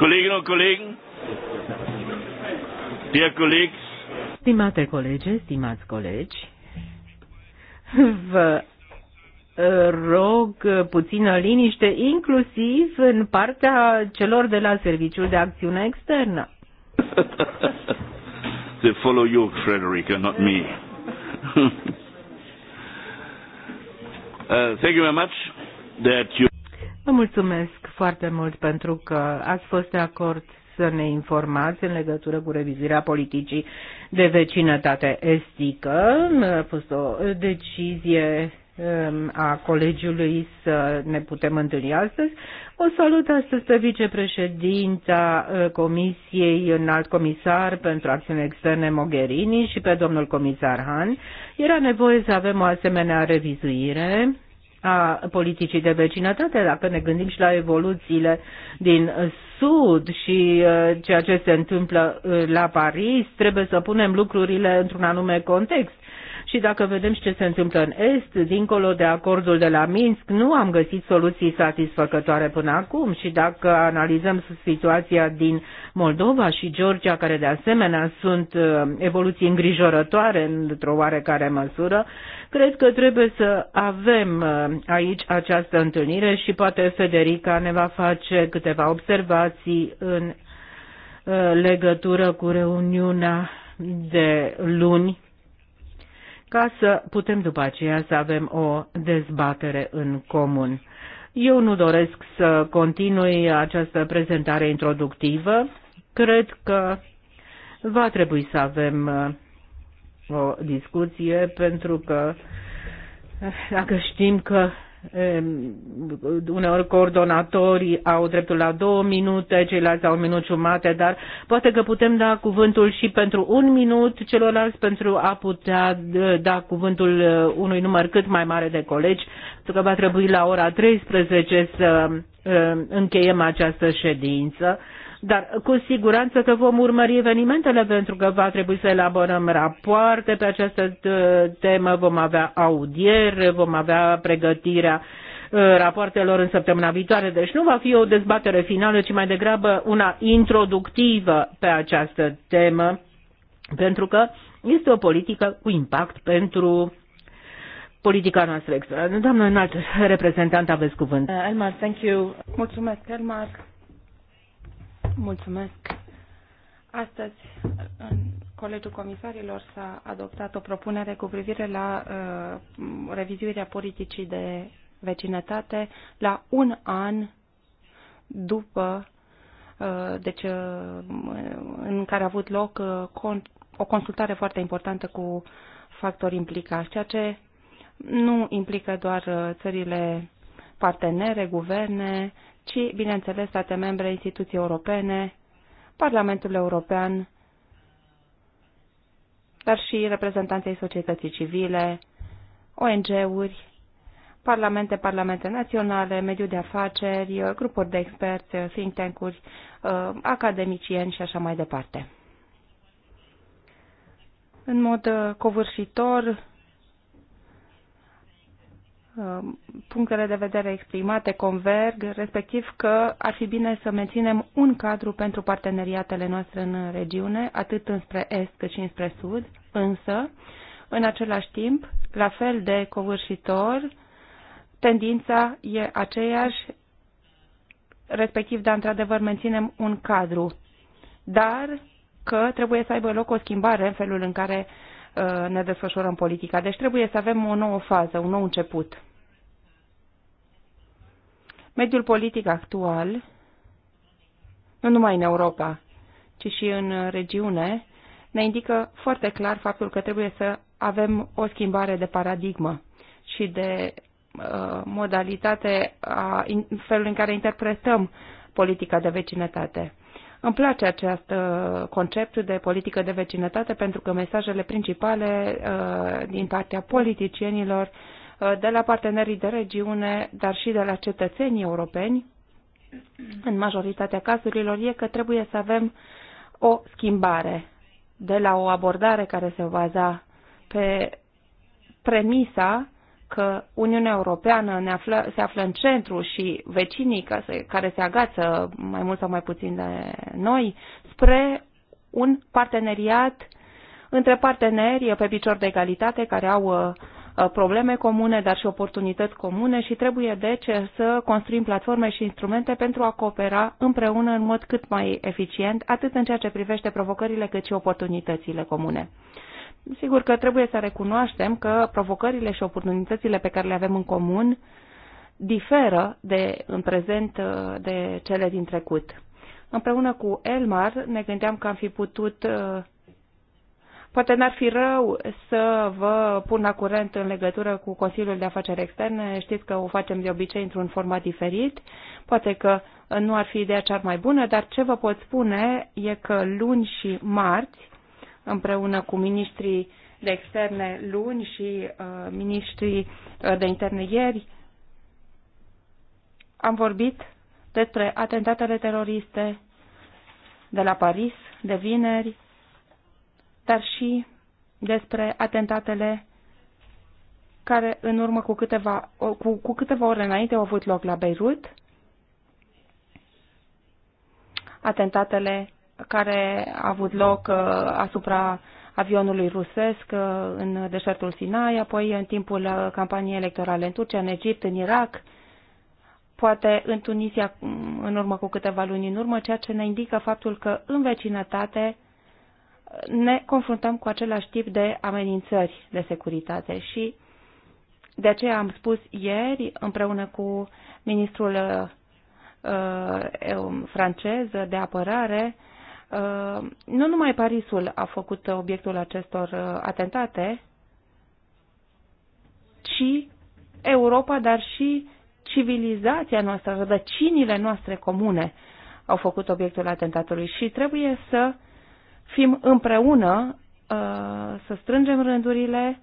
Kolleginnen und Kollegen, dear colleagues, Stimate colege, stimați colegi, vă ă, rog puțină liniște, inclusiv în partea celor de la Serviciul de Acțiune Externă. They follow you, Frederica, not me. uh, thank you very much that you Vă mulțumesc foarte mult pentru că ați fost de acord să ne informați în legătură cu revizuirea politicii de vecinătate estică. A fost o decizie um, a colegiului să ne putem întâlni astăzi. O salut astăzi pe vicepreședinta uh, Comisiei Înalt Comisar pentru Acțiune Externe Mogherini și pe domnul comisar Han. Era nevoie să avem o asemenea revizuire a politicii de vecinătate, dacă ne gândim și la evoluțiile din Sud și uh, ceea ce se întâmplă uh, la Paris, trebuie să punem lucrurile într-un anume context. Și dacă vedem ce se întâmplă în Est, dincolo de acordul de la Minsk, nu am găsit soluții satisfăcătoare până acum. Și dacă analizăm situația din Moldova și Georgia, care de asemenea sunt uh, evoluții îngrijorătoare într-o oarecare măsură, cred că trebuie să avem uh, aici această întâlnire și poate Federica ne va face câteva observații în uh, legătură cu reuniunea de luni ca să putem după aceea să avem o dezbatere în comun. Eu nu doresc să continui această prezentare introductivă. Cred că va trebui să avem uh, o discuție pentru că uh, dacă știm că uneori coordonatorii au dreptul la două minute, ceilalți au un minut jumate, dar poate că putem da cuvântul și pentru un minut celorlalți pentru a putea da cuvântul uh, unui număr cât mai mare de colegi, pentru că va trebui la ora 13 să uh, încheiem această ședință. Dar cu siguranță că vom urmări evenimentele pentru că va trebui să elaborăm rapoarte pe această ă, temă, vom avea audieri, vom avea pregătirea ă, rapoartelor în săptămâna viitoare. Deci nu va fi o dezbatere finală, ci mai degrabă una introductivă pe această temă, pentru că este o politică cu impact pentru politica noastră externă. Doamnă înalt reprezentant, aveți cuvânt. Uh, Elmar, thank you. Mulțumesc, Elmar. Mulțumesc. Astăzi, în Colegiul Comisarilor s-a adoptat o propunere cu privire la uh, revizuirea politicii de vecinătate la un an după, uh, deci, uh, în care a avut loc uh, con o consultare foarte importantă cu factori implicați, ceea ce nu implică doar uh, țările partenere, guverne, uh, ci, bineînțeles, state membre, instituții europene, Parlamentul European, dar și reprezentanții societății civile, ONG-uri, parlamente, parlamente naționale, mediul de afaceri, grupuri de experți, think tank-uri, uh, academicieni și așa mai departe. În mod uh, covârșitor, Um, punctele de vedere exprimate converg, respectiv că ar fi bine să menținem un cadru pentru parteneriatele noastre în regiune, atât înspre est cât și înspre sud, însă, în același timp, la fel de covârșitor, tendința e aceeași, respectiv, dar într-adevăr, menținem un cadru, dar că trebuie să aibă loc o schimbare în felul în care uh, Uh, ne desfășurăm politica. Deci trebuie să avem o nouă fază, un nou început. Mediul politic actual, nu numai în Europa, ci și în regiune, ne indică foarte clar faptul că trebuie să avem o schimbare de paradigmă și de uh, modalitate a in, felul în care interpretăm politica de vecinătate. Îmi place acest uh, concept de politică de vecinătate pentru că mesajele principale uh, din partea politicienilor, uh, de la partenerii de regiune, dar și de la cetățenii europeni, în majoritatea cazurilor, e că trebuie să avem o schimbare de la o abordare care se baza pe premisa că Uniunea Europeană ne află, se află în centru și vecinii ca se, care se agață mai mult sau mai puțin de noi spre un parteneriat între parteneri pe picior de egalitate care au uh, uh, probleme comune, dar și oportunități comune și trebuie deci să construim platforme și instrumente pentru a coopera împreună în mod cât mai eficient, atât în ceea ce privește provocările cât și oportunitățile comune. Sigur că trebuie să recunoaștem că provocările și oportunitățile pe care le avem în comun diferă de, în prezent de cele din trecut. Împreună cu Elmar ne gândeam că am fi putut Poate n-ar fi rău să vă pun la curent în legătură cu Consiliul de Afaceri Externe. Știți că o facem de obicei într-un format diferit. Poate că nu ar fi ideea cea mai bună, dar ce vă pot spune e că luni și marți împreună cu ministrii de externe luni și uh, ministrii uh, de interne ieri. Am vorbit despre atentatele teroriste de la Paris, de vineri, dar și despre atentatele care în urmă cu câteva, cu, cu câteva ore înainte au avut loc la Beirut, atentatele care a avut loc uh, asupra avionului rusesc uh, în deșertul Sinai, apoi în timpul uh, campaniei electorale în Turcia, în Egipt, în Irak, poate în Tunisia mm, în urmă cu câteva luni în urmă, ceea ce ne indică faptul că în vecinătate ne confruntăm cu același tip de amenințări de securitate și de aceea am spus ieri, împreună cu ministrul uh, francez de apărare, Uh, nu numai Parisul a făcut obiectul acestor uh, atentate, ci Europa, dar și civilizația noastră, rădăcinile noastre comune au făcut obiectul atentatului și trebuie să fim împreună, uh, să strângem rândurile,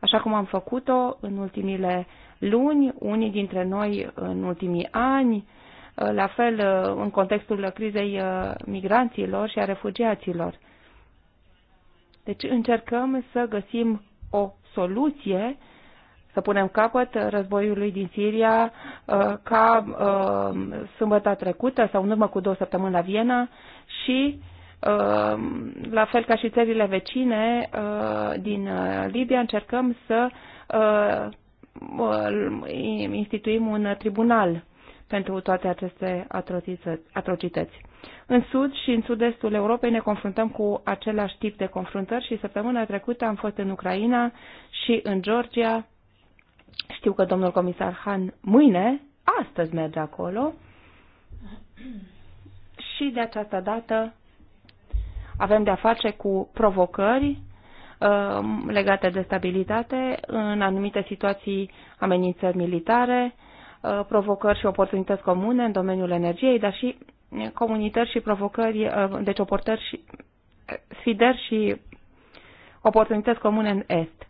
așa cum am făcut-o în ultimile luni, unii dintre noi în ultimii ani, Uh, la fel uh, în contextul crizei uh, migranților și a refugiaților. Deci încercăm să găsim o soluție să punem capăt războiului din Siria ca sâmbătă trecută sau în urmă cu două săptămâni la Viena și la fel ca și țările vecine din Libia încercăm să instituim un tribunal pentru toate aceste atrocități. În sud și în sud-estul Europei ne confruntăm cu același tip de confruntări și săptămâna trecută am fost în Ucraina și în Georgia. Știu că domnul comisar Han mâine, astăzi merge acolo și de această dată avem de-a face cu provocări um, legate de stabilitate, în anumite situații amenințări militare, Uh, provocări și oportunități comune în domeniul energiei, dar și uh, comunități și provocări, uh, deci oportunități și sfidări și oportunități comune în Est.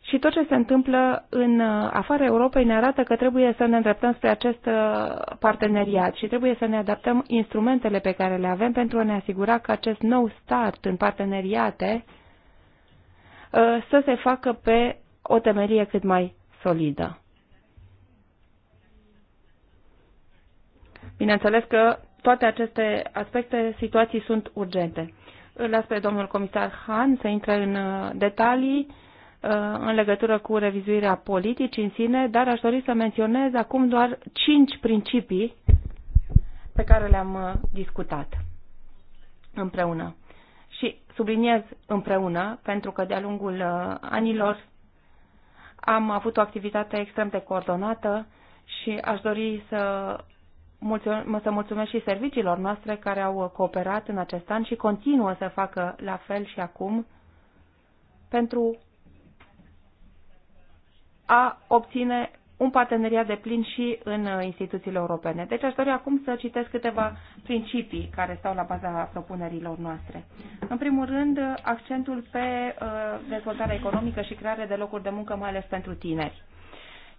Și tot ce se întâmplă în afara Europei ne arată că trebuie să ne îndreptăm spre acest parteneriat și trebuie să ne adaptăm instrumentele pe care le avem pentru a ne asigura că acest nou start în parteneriate să se facă pe o temerie cât mai solidă. Bineînțeles că toate aceste aspecte, situații sunt urgente. Îl las pe domnul comisar Han să intre în uh, detalii uh, în legătură cu revizuirea politicii în sine, dar aș dori să menționez acum doar cinci principii pe care le-am uh, discutat împreună. Și subliniez împreună, pentru că de-a lungul anilor am avut o activitate extrem de coordonată și aș dori să să mulțumesc și serviciilor noastre care au cooperat în acest an și continuă să facă la fel și acum pentru a obține un parteneriat de plin și în uh, instituțiile europene. Deci aș dori acum să citesc câteva principii care stau la baza propunerilor noastre. În primul rând, accentul pe uh, dezvoltarea economică și crearea de locuri de muncă, mai ales pentru tineri.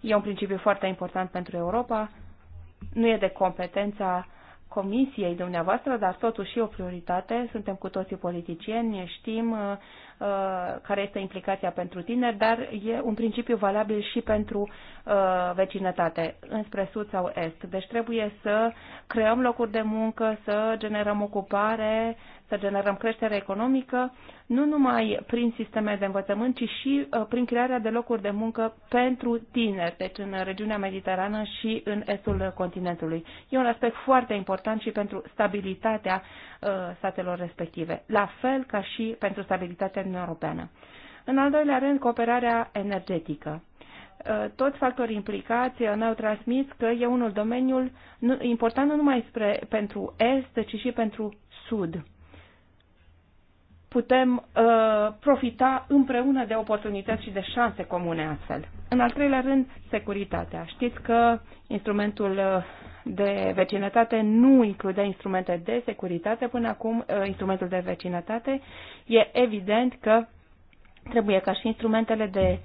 E un principiu foarte important pentru Europa nu e de competența comisiei dumneavoastră, dar totuși e o prioritate. Suntem cu toții politicieni, știm Uh, care este implicația pentru tineri, dar e un principiu valabil și pentru uh, vecinătate, înspre sud sau est. Deci trebuie să creăm locuri de muncă, să generăm ocupare, să generăm creștere economică, nu numai prin sisteme de învățământ, ci și uh, prin crearea de locuri de muncă pentru tineri, deci în regiunea mediterană și în estul continentului. E un aspect foarte important și pentru stabilitatea statelor respective, la fel ca și pentru stabilitatea Uniunea Europeană. În al doilea rând, cooperarea energetică. Uh, toți factorii implicați uh, ne-au transmis că e unul domeniul important nu numai spre, pentru Est, ci și pentru Sud. Putem uh, profita împreună de oportunități și de șanse comune astfel. În al treilea rând, securitatea. Știți că instrumentul uh, de vecinătate nu include instrumente de securitate până acum, ă, instrumentul de vecinătate. E evident că trebuie ca și instrumentele de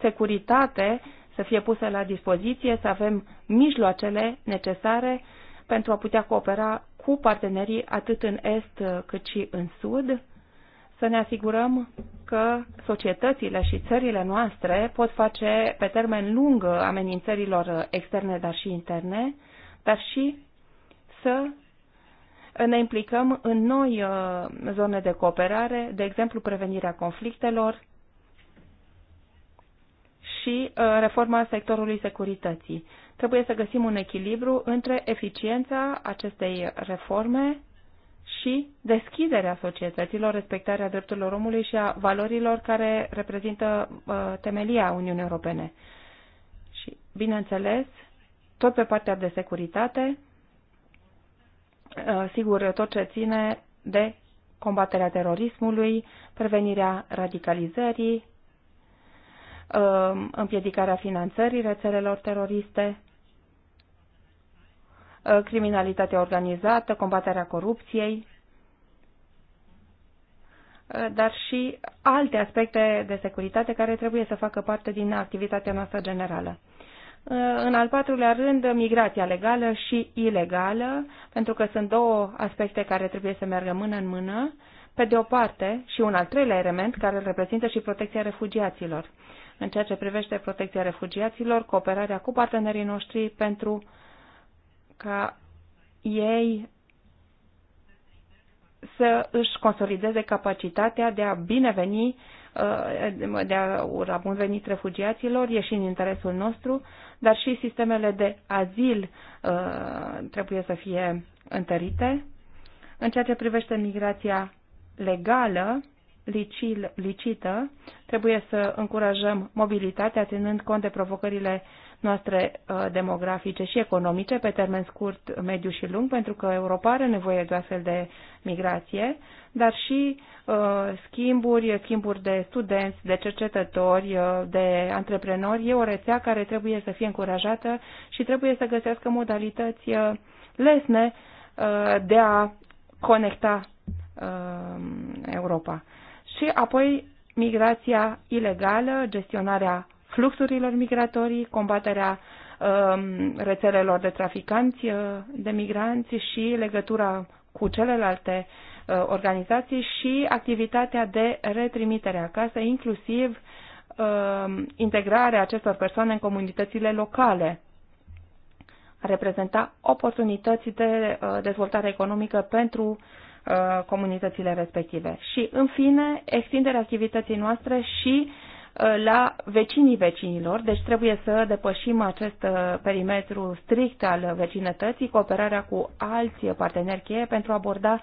securitate să fie puse la dispoziție, să avem mijloacele necesare pentru a putea coopera cu partenerii atât în Est ă, cât și în Sud, să ne asigurăm că societățile și țările noastre pot face pe termen lung amenințărilor externe, dar și interne, dar și să ne implicăm în noi uh, zone de cooperare, de exemplu prevenirea conflictelor și uh, reforma sectorului securității. Trebuie să găsim un echilibru între eficiența acestei reforme și deschiderea societăților, respectarea drepturilor omului și a valorilor care reprezintă uh, temelia Uniunii Europene. Și, bineînțeles, tot pe partea de securitate, uh, sigur, tot ce ține de combaterea terorismului, prevenirea radicalizării, uh, împiedicarea finanțării rețelelor teroriste, uh, criminalitatea organizată, combaterea corupției, dar și alte aspecte de securitate care trebuie să facă parte din activitatea noastră generală. În al patrulea rând, migrația legală și ilegală, pentru că sunt două aspecte care trebuie să meargă mână în mână. Pe de o parte, și un al treilea element care îl reprezintă și protecția refugiaților. În ceea ce privește protecția refugiaților, cooperarea cu partenerii noștri pentru ca ei să își consolideze capacitatea de a bineveni Uh, de a ura bun venit refugiaților, e și în interesul nostru, dar și sistemele de azil uh, trebuie să fie întărite. În ceea ce privește migrația legală, licil, licită, trebuie să încurajăm mobilitatea, ținând cont de provocările noastre uh, demografice și economice pe termen scurt, mediu și lung, pentru că Europa are nevoie de astfel de migrație, dar și uh, schimburi, schimburi de studenți, de cercetători, uh, de antreprenori. E o rețea care trebuie să fie încurajată și trebuie să găsească modalități lesne de a conecta Europa. Și apoi migrația ilegală, gestionarea fluxurilor migratorii, combaterea um, rețelelor de traficanți uh, de migranți și legătura cu celelalte uh, organizații și activitatea de retrimitere acasă, inclusiv um, integrarea acestor persoane în comunitățile locale a reprezenta oportunități de uh, dezvoltare economică pentru comunitățile respective. Și, în fine, extinderea activității noastre și Uh, la vecinii vecinilor, deci trebuie să depășim acest uh, perimetru strict al vecinătății, cooperarea cu alți parteneri cheie pentru a aborda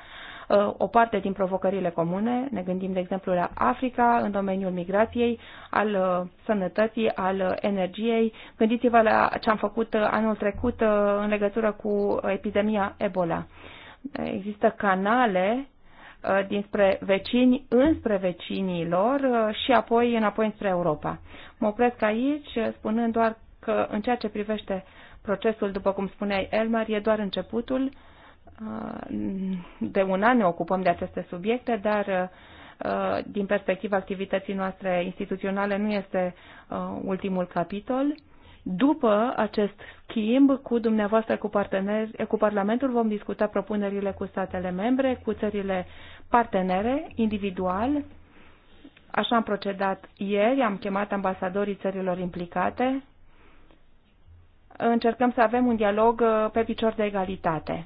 uh, o parte din provocările comune. Ne gândim, de exemplu, la Africa, în domeniul migrației, al sănătății, al energiei. Gândiți-vă la ce am făcut anul trecut în legătură cu epidemia Ebola. Există canale Uh, dinspre vecini înspre vecinii lor uh, și apoi înapoi înspre Europa. Mă opresc aici uh, spunând doar că în ceea ce privește procesul, după cum spuneai Elmar, e doar începutul. De un an ne ocupăm de aceste subiecte, dar din perspectiva activității noastre instituționale nu este ultimul capitol. După acest schimb cu dumneavoastră, cu, parteneri, cu Parlamentul, vom discuta propunerile cu statele membre, cu țările partenere, individual. Așa am procedat ieri, am chemat ambasadorii țărilor implicate. Încercăm să avem un dialog uh, pe picior de egalitate.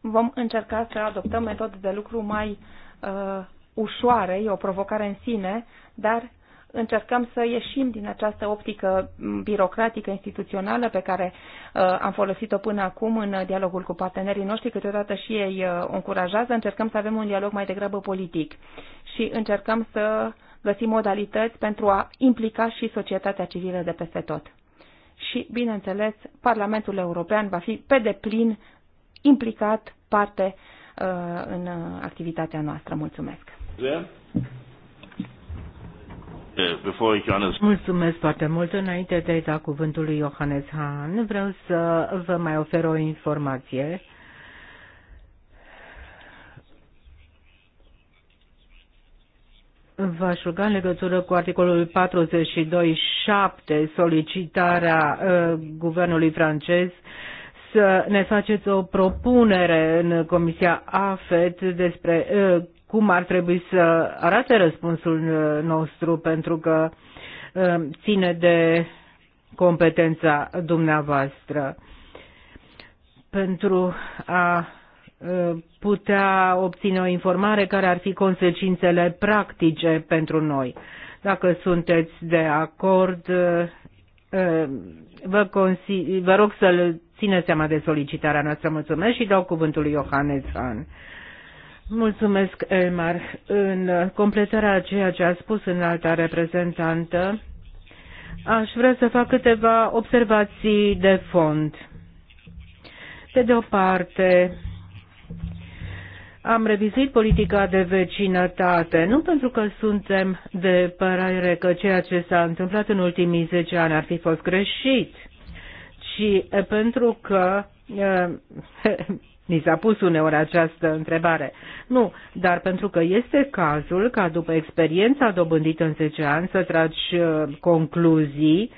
Vom încerca să adoptăm metode de lucru mai uh, ușoare, e o provocare în sine, dar încercăm să ieșim din această optică birocratică instituțională pe care uh, am folosit-o până acum în dialogul cu partenerii noștri, câteodată și ei uh, o încurajează, încercăm să avem un dialog mai degrabă politic și încercăm să găsim modalități pentru a implica și societatea civilă de peste tot. Și, bineînțeles, Parlamentul European va fi pe deplin implicat parte uh, în uh, activitatea noastră. Mulțumesc! Yeah. Uh, Mulțumesc foarte mult. Înainte de a da cuvântul lui Johannes Hahn, vreau să vă mai ofer o informație. V-aș ruga în legătură cu articolul 42.7, solicitarea uh, guvernului francez să ne faceți o propunere în Comisia AFET despre uh, cum ar trebui să arate răspunsul uh, nostru, pentru că uh, ține de competența dumneavoastră. Pentru a uh, putea obține o informare care ar fi consecințele practice pentru noi. Dacă sunteți de acord, vă, vă rog să țineți seama de solicitarea noastră. Mulțumesc și dau cuvântul lui Johannes Han. Mulțumesc, Elmar. În completarea a ceea ce a spus în alta reprezentantă, aș vrea să fac câteva observații de fond. Pe de o parte, am revizuit politica de vecinătate, nu pentru că suntem de părere că ceea ce s-a întâmplat în ultimii 10 ani ar fi fost greșit, ci pentru că eh, Ni s-a pus uneori această întrebare. Nu, dar pentru că este cazul ca după experiența dobândită în 10 ani să tragi uh, concluzii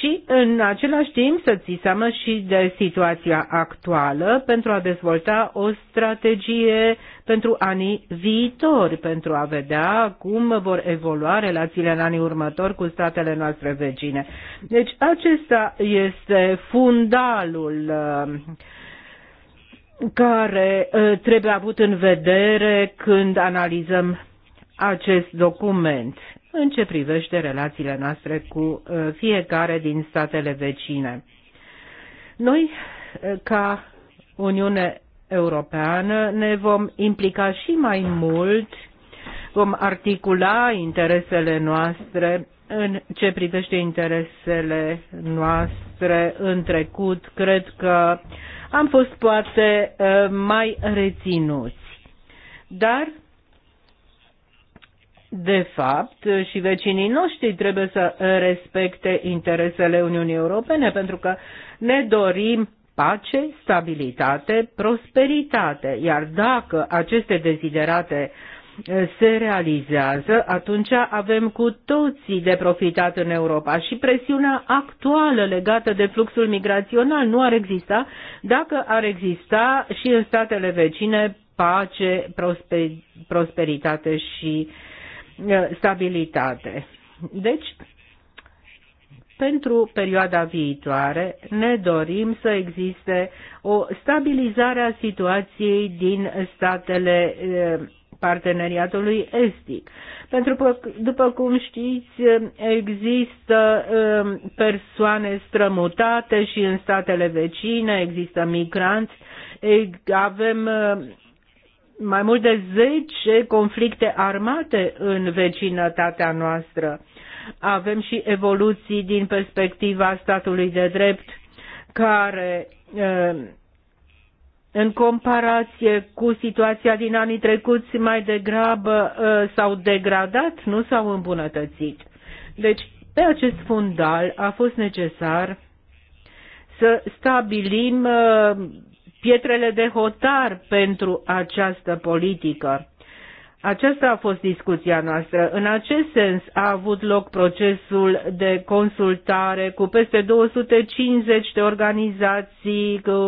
și în același timp să ți seama și de situația actuală pentru a dezvolta o strategie pentru anii viitori, pentru a vedea cum vor evolua relațiile în anii următori cu statele noastre vecine. Deci acesta este fundalul uh, care ă, trebuie avut în vedere când analizăm acest document în ce privește relațiile noastre cu ă, fiecare din statele vecine. Noi, ă, ca Uniune Europeană, ne vom implica și mai mult, vom articula interesele noastre în ce privește interesele noastre în trecut. Cred că uh, am fost poate ă, mai reținuți. Dar de fapt, și vecinii noștri trebuie să respecte interesele Uniunii Europene, pentru că ne dorim pace, stabilitate, prosperitate. Iar dacă aceste deziderate se realizează, atunci avem cu toții de profitat în Europa și presiunea actuală legată de fluxul migrațional nu ar exista dacă ar exista și în statele vecine pace, prosperitate și stabilitate. Deci, pentru perioada viitoare ne dorim să existe o stabilizare a situației din statele parteneriatului estic. Pentru că, după cum știți, există um, persoane strămutate și în statele vecine, există migranți, avem um, mai mult de 10 conflicte armate în vecinătatea noastră. Avem și evoluții din perspectiva statului de drept care um, în comparație cu situația din anii trecuți, mai degrabă uh, s-au degradat, nu s-au îmbunătățit. Deci, pe acest fundal a fost necesar să stabilim uh, pietrele de hotar pentru această politică. Aceasta a fost discuția noastră. În acest sens a avut loc procesul de consultare cu peste 250 de organizații, cu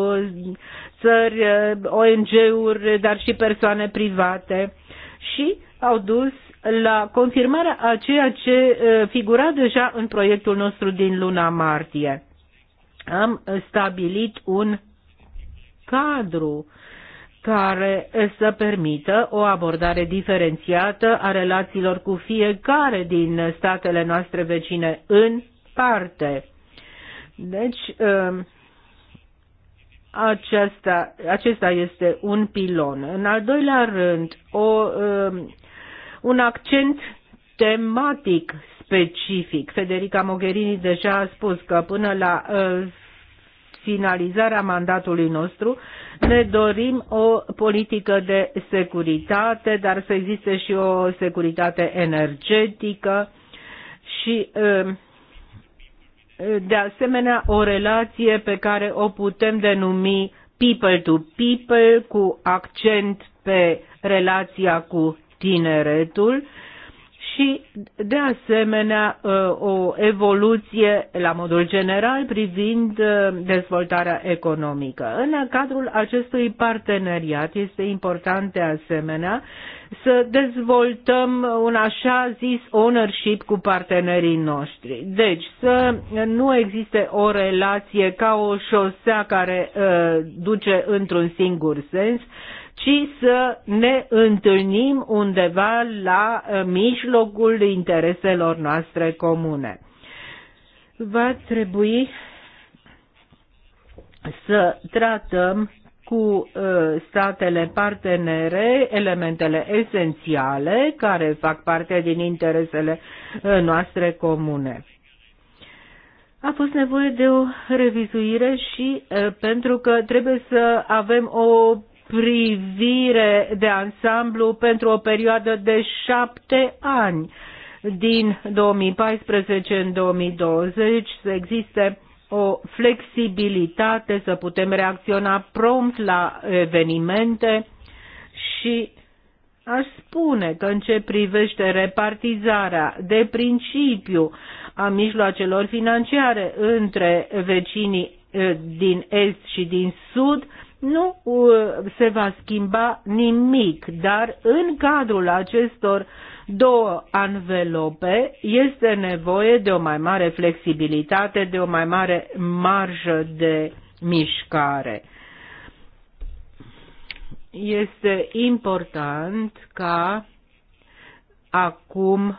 țări, ONG-uri, dar și persoane private și au dus la confirmarea a ceea ce figura deja în proiectul nostru din luna martie. Am stabilit un cadru uh, care să permită o abordare diferențiată a relațiilor cu fiecare din statele noastre vecine în parte. Deci, um, aceasta, acesta este un pilon. În al doilea rând, o, um, un accent tematic specific. Federica Mogherini deja a spus că până la uh, finalizarea mandatului nostru, ne dorim o politică de securitate, dar să existe și o securitate energetică și um, de asemenea o relație pe care o putem denumi people to people cu accent pe relația cu tineretul și, de asemenea, uh, o evoluție la modul general privind uh, dezvoltarea economică. În cadrul acestui parteneriat este important, de asemenea, să dezvoltăm un așa zis ownership cu partenerii noștri. Deci, să nu existe o relație ca o șosea care uh, duce într-un singur sens, uh, ci să ne întâlnim undeva la eh, mijlocul intereselor noastre comune. Va trebui să tratăm cu eh, statele partenere elementele esențiale care fac parte din interesele eh, noastre comune. A fost nevoie de o revizuire și pentru că trebuie să avem o privire de ansamblu pentru o perioadă de șapte ani. Din 2014 în 2020 să existe o flexibilitate, să putem reacționa prompt la evenimente și Aș spune că în ce privește repartizarea de principiu a mijloacelor financiare între vecinii eh, din Est și din Sud, nu uh, se va schimba nimic, dar în cadrul acestor două anvelope este nevoie de o mai mare flexibilitate, de o mai mare marjă de mișcare. Este important ca acum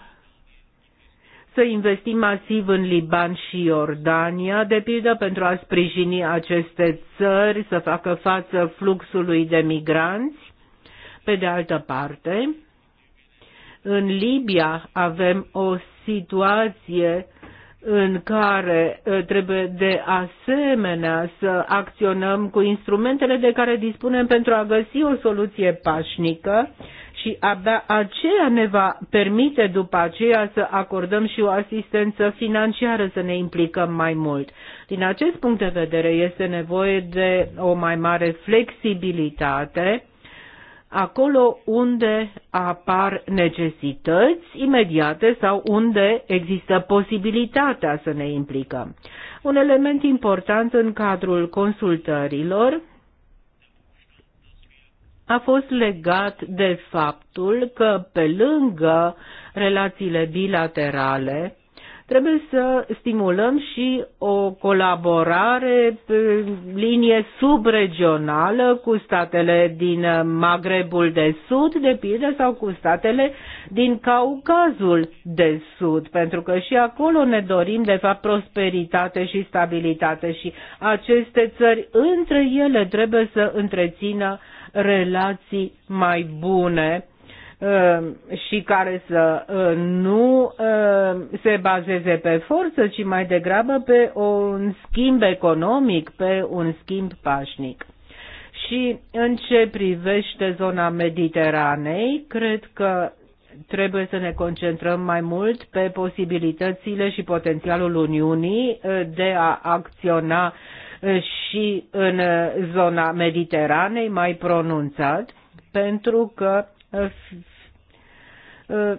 să investim masiv în Liban și Iordania, de pildă pentru a sprijini aceste țări să facă față fluxului de migranți. Pe de altă parte, în Libia avem o situație în care uh, trebuie de asemenea să acționăm cu instrumentele de care dispunem pentru a găsi o soluție pașnică și abia aceea ne va permite după aceea să acordăm și o asistență financiară, să ne implicăm mai mult. Din acest punct de vedere este nevoie de o mai mare flexibilitate acolo unde apar necesități imediate sau unde există posibilitatea să ne implicăm. Un element important în cadrul consultărilor a fost legat de faptul că, pe lângă relațiile bilaterale, trebuie să stimulăm și o colaborare pe linie subregională cu statele din Magrebul de Sud, de pildă, sau cu statele din Caucazul de Sud, pentru că și acolo ne dorim, de fapt, prosperitate și stabilitate și aceste țări între ele trebuie să întrețină relații mai bune uh, și care să uh, nu uh, se bazeze pe forță, ci mai degrabă pe un schimb economic, pe un schimb pașnic. Și în ce privește zona Mediteranei, cred că trebuie să ne concentrăm mai mult pe posibilitățile și potențialul Uniunii de a acționa și în zona Mediteranei mai pronunțat, pentru că uh, uh,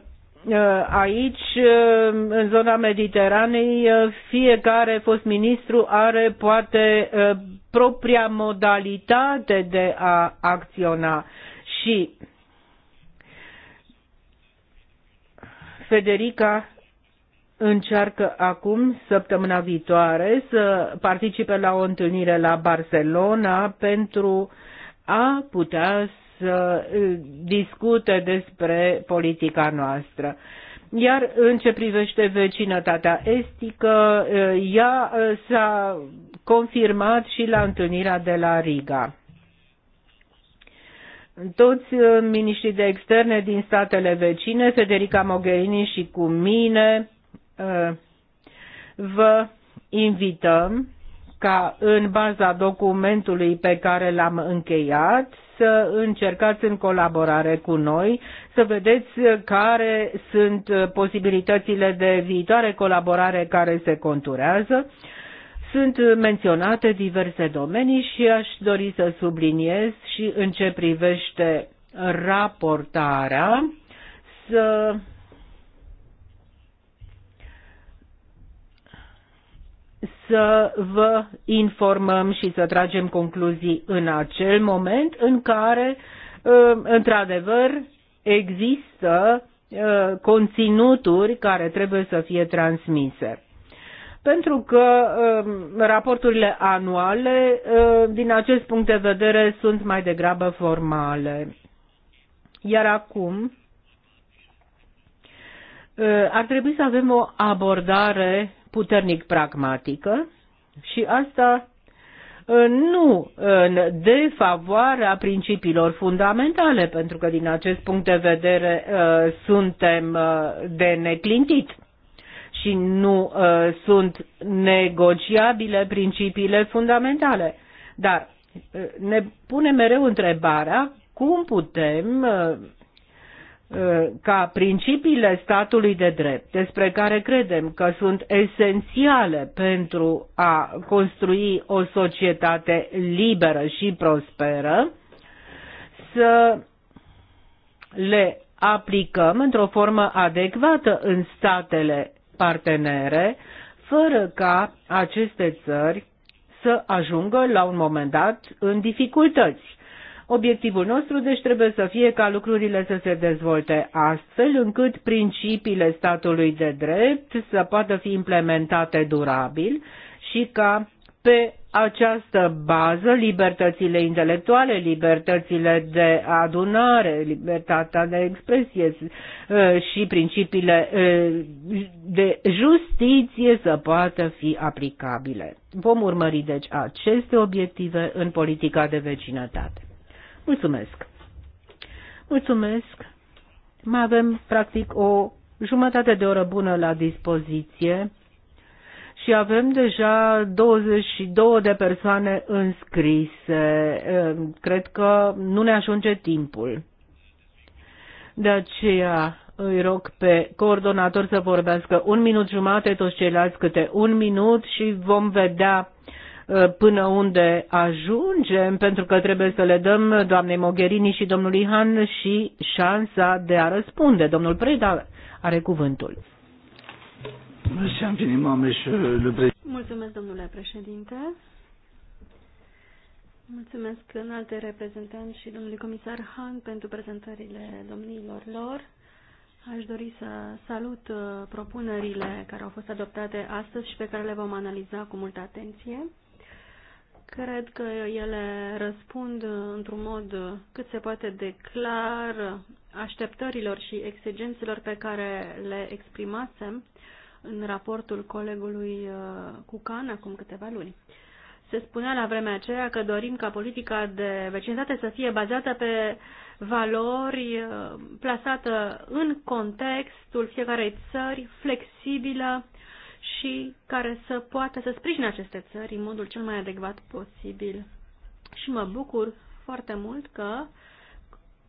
aici, uh, în zona Mediteranei, fiecare fost ministru are poate propria modalitate de a acționa și Federica încearcă acum, săptămâna viitoare, să participe la o întâlnire la Barcelona pentru a putea să discute despre politica noastră. Iar în ce privește vecinătatea estică, ea s-a confirmat și la întâlnirea de la Riga. Toți miniștrii de externe din statele vecine, Federica Mogherini și cu mine, Uh, vă invităm ca în baza documentului pe care l-am încheiat să încercați în colaborare cu noi să vedeți care sunt posibilitățile de viitoare colaborare care se conturează. Sunt menționate diverse domenii și aș dori să subliniez și în ce privește raportarea să să vă informăm și să tragem concluzii în acel moment în care, uh, într-adevăr, există uh, conținuturi care trebuie să fie transmise. Pentru că uh, raporturile anuale, din acest punct de vedere, sunt mai degrabă formale. Iar acum ar trebui să avem o abordare puternic pragmatică și asta uh, nu în defavoarea principiilor fundamentale, pentru că din acest punct de vedere uh, suntem uh, de neclintit și nu sunt negociabile principiile fundamentale. Dar ne pune mereu întrebarea cum putem ca principiile statului de drept, despre care credem că sunt esențiale pentru a construi o societate liberă și prosperă, să le aplicăm într-o formă adecvată în statele partenere, fără ca aceste țări să ajungă la un moment dat în dificultăți. Obiectivul nostru, deci, trebuie să fie ca lucrurile să se dezvolte astfel încât principiile statului de drept să poată fi implementate durabil și ca pe această bază libertățile intelectuale, libertățile de adunare, libertatea de expresie ă, și principiile ă, de justiție să poată fi aplicabile. Vom urmări deci aceste obiective în politica de vecinătate. Mulțumesc! Mulțumesc! Mai avem, practic, o jumătate de oră bună la dispoziție și avem deja 22 de persoane înscrise. Ehm, cred că nu ne ajunge timpul. De aceea îi rog pe coordonator să vorbească un minut jumate, toți ceilalți câte un minut și vom vedea Uh, până unde ajungem, pentru că trebuie să le dăm doamnei Mogherini și domnului Han și șansa de a răspunde. Domnul Preda are cuvântul. Mulțumesc, domnule președinte. Mulțumesc în alte reprezentanți și domnului comisar Han pentru prezentările domniilor lor. Aș dori să salut uh, propunerile care au fost adoptate astăzi și pe care le vom analiza cu multă atenție. Cred că ele răspund într-un mod cât se poate de clar așteptărilor și exigențelor pe care le exprimasem în raportul colegului uh, Cucan acum câteva luni. Se spunea la vremea aceea că dorim ca politica de vecinătate să fie bazată pe valori, uh, plasată în contextul fiecarei țări, flexibilă, și care să poată să sprijine aceste țări în modul cel mai adecvat posibil. Și mă bucur foarte mult că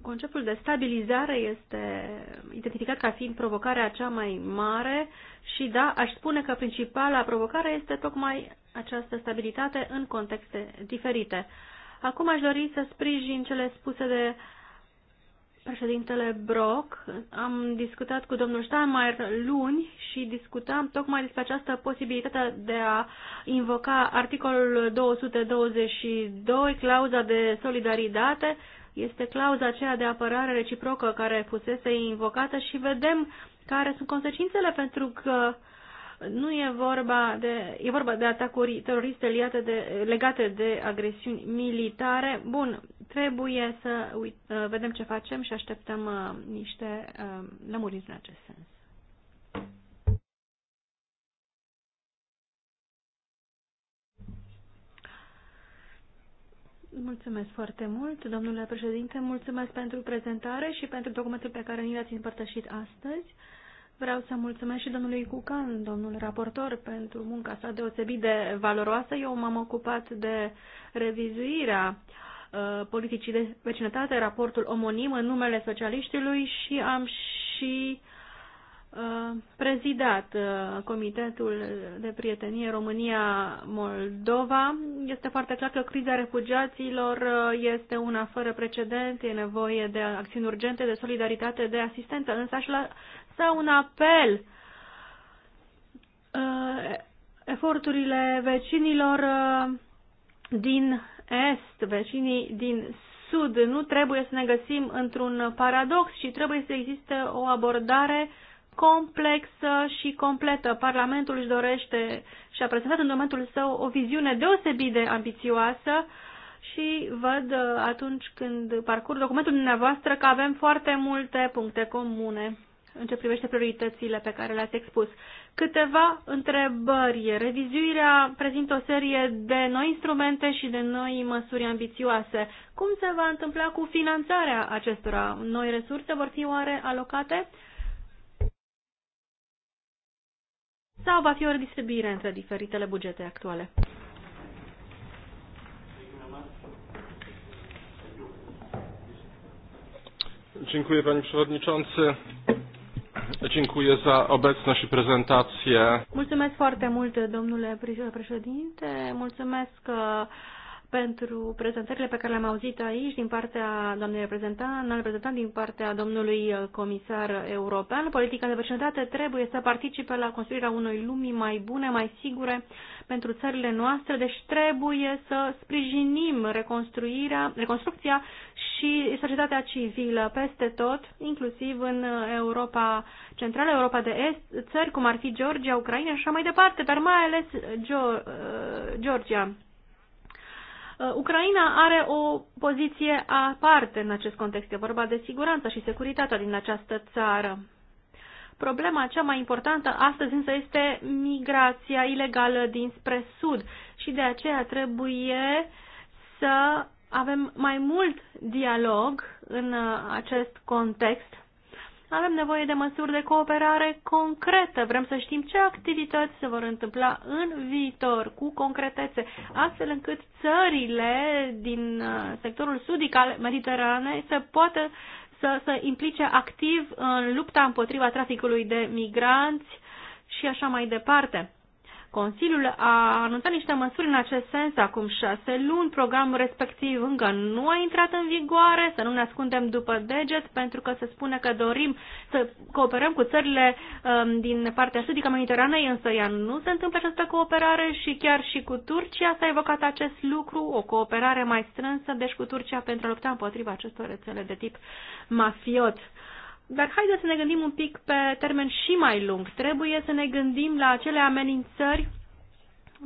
conceptul de stabilizare este identificat ca fiind provocarea cea mai mare și da, aș spune că principala provocare este tocmai această stabilitate în contexte diferite. Acum aș dori să sprijin cele spuse de președintele Brock, am discutat cu domnul Steinmeier luni și discutam tocmai despre această posibilitate de a invoca articolul 222, clauza de solidaritate, este clauza aceea de apărare reciprocă care fusese invocată și vedem care sunt consecințele pentru că uh, nu e vorba de, e vorba de atacuri teroriste liate de, legate de agresiuni militare. Bun, trebuie să uit, uh, vedem ce facem și așteptăm uh, niște uh, lămuriri în acest sens. Mulțumesc foarte mult, domnule președinte, mulțumesc pentru prezentare și pentru documentul pe care ni l-ați împărtășit astăzi. Vreau să mulțumesc și domnului Cucan, domnul raportor, pentru munca sa deosebit de valoroasă. Eu m-am ocupat de revizuirea uh, politicii de vecinătate, raportul omonim în numele socialiștilui și am și uh, prezidat uh, Comitetul de Prietenie România-Moldova. Este foarte clar că criza refugiaților este una fără precedent, e nevoie de acțiuni urgente, de solidaritate, de asistență, însă și la lansă un apel uh, eforturile vecinilor uh, din Est, vecinii din Sud. Nu trebuie să ne găsim într-un paradox și trebuie să existe o abordare complexă și completă. Parlamentul își dorește și a prezentat în momentul său o viziune deosebit de ambițioasă și văd uh, atunci când parcurg documentul dumneavoastră că avem foarte multe puncte comune în ce privește prioritățile pe care le-ați expus. Câteva întrebări. Reviziuirea prezintă o serie de noi instrumente și de noi măsuri ambițioase. Cum se va întâmpla cu finanțarea acestora? Noi resurse vor fi oare alocate? Sau va fi o redistribuire între diferitele bugete actuale? Dziękuję Panie Przewodniczący. Dziękuję za obecność i prezentację. Mulțumesc foarte mult, domnule președinte. Mulțumesc uh, pentru prezentările pe care le-am auzit aici din partea doamnei reprezentant, reprezentant din partea domnului uh, comisar european. Politica de vecinătate trebuie să participe la construirea unei lumii mai bune, mai sigure pentru țările noastre, deci trebuie să sprijinim reconstruirea, reconstrucția și societatea civilă peste tot, inclusiv în Europa Centrală, Europa de Est, țări cum ar fi Georgia, Ucraina și așa mai departe, dar mai ales uh, Georgia Uh, Ucraina are o poziție aparte în acest context. E vorba de siguranța și securitatea din această țară. Problema cea mai importantă astăzi însă este migrația ilegală dinspre sud și de aceea trebuie să avem mai mult dialog în uh, acest context avem nevoie de măsuri de cooperare concretă. Vrem să știm ce activități se vor întâmpla în viitor cu concretețe, astfel încât țările din uh, sectorul sudic al Mediteranei să poată să, să implice activ în lupta împotriva traficului de migranți și așa mai departe. Consiliul a anunțat niște măsuri în acest sens acum șase luni. Programul respectiv încă nu a intrat în vigoare, să nu ne ascundem după deget, pentru că se spune că dorim să cooperăm cu țările um, din partea sudică mediteranei, însă ea nu se întâmplă această cooperare și chiar și cu Turcia s-a evocat acest lucru, o cooperare mai strânsă, deci cu Turcia pentru a lupta împotriva acestor rețele de tip mafiot. Dar haideți să ne gândim un pic pe termen și mai lung. Trebuie să ne gândim la acele amenințări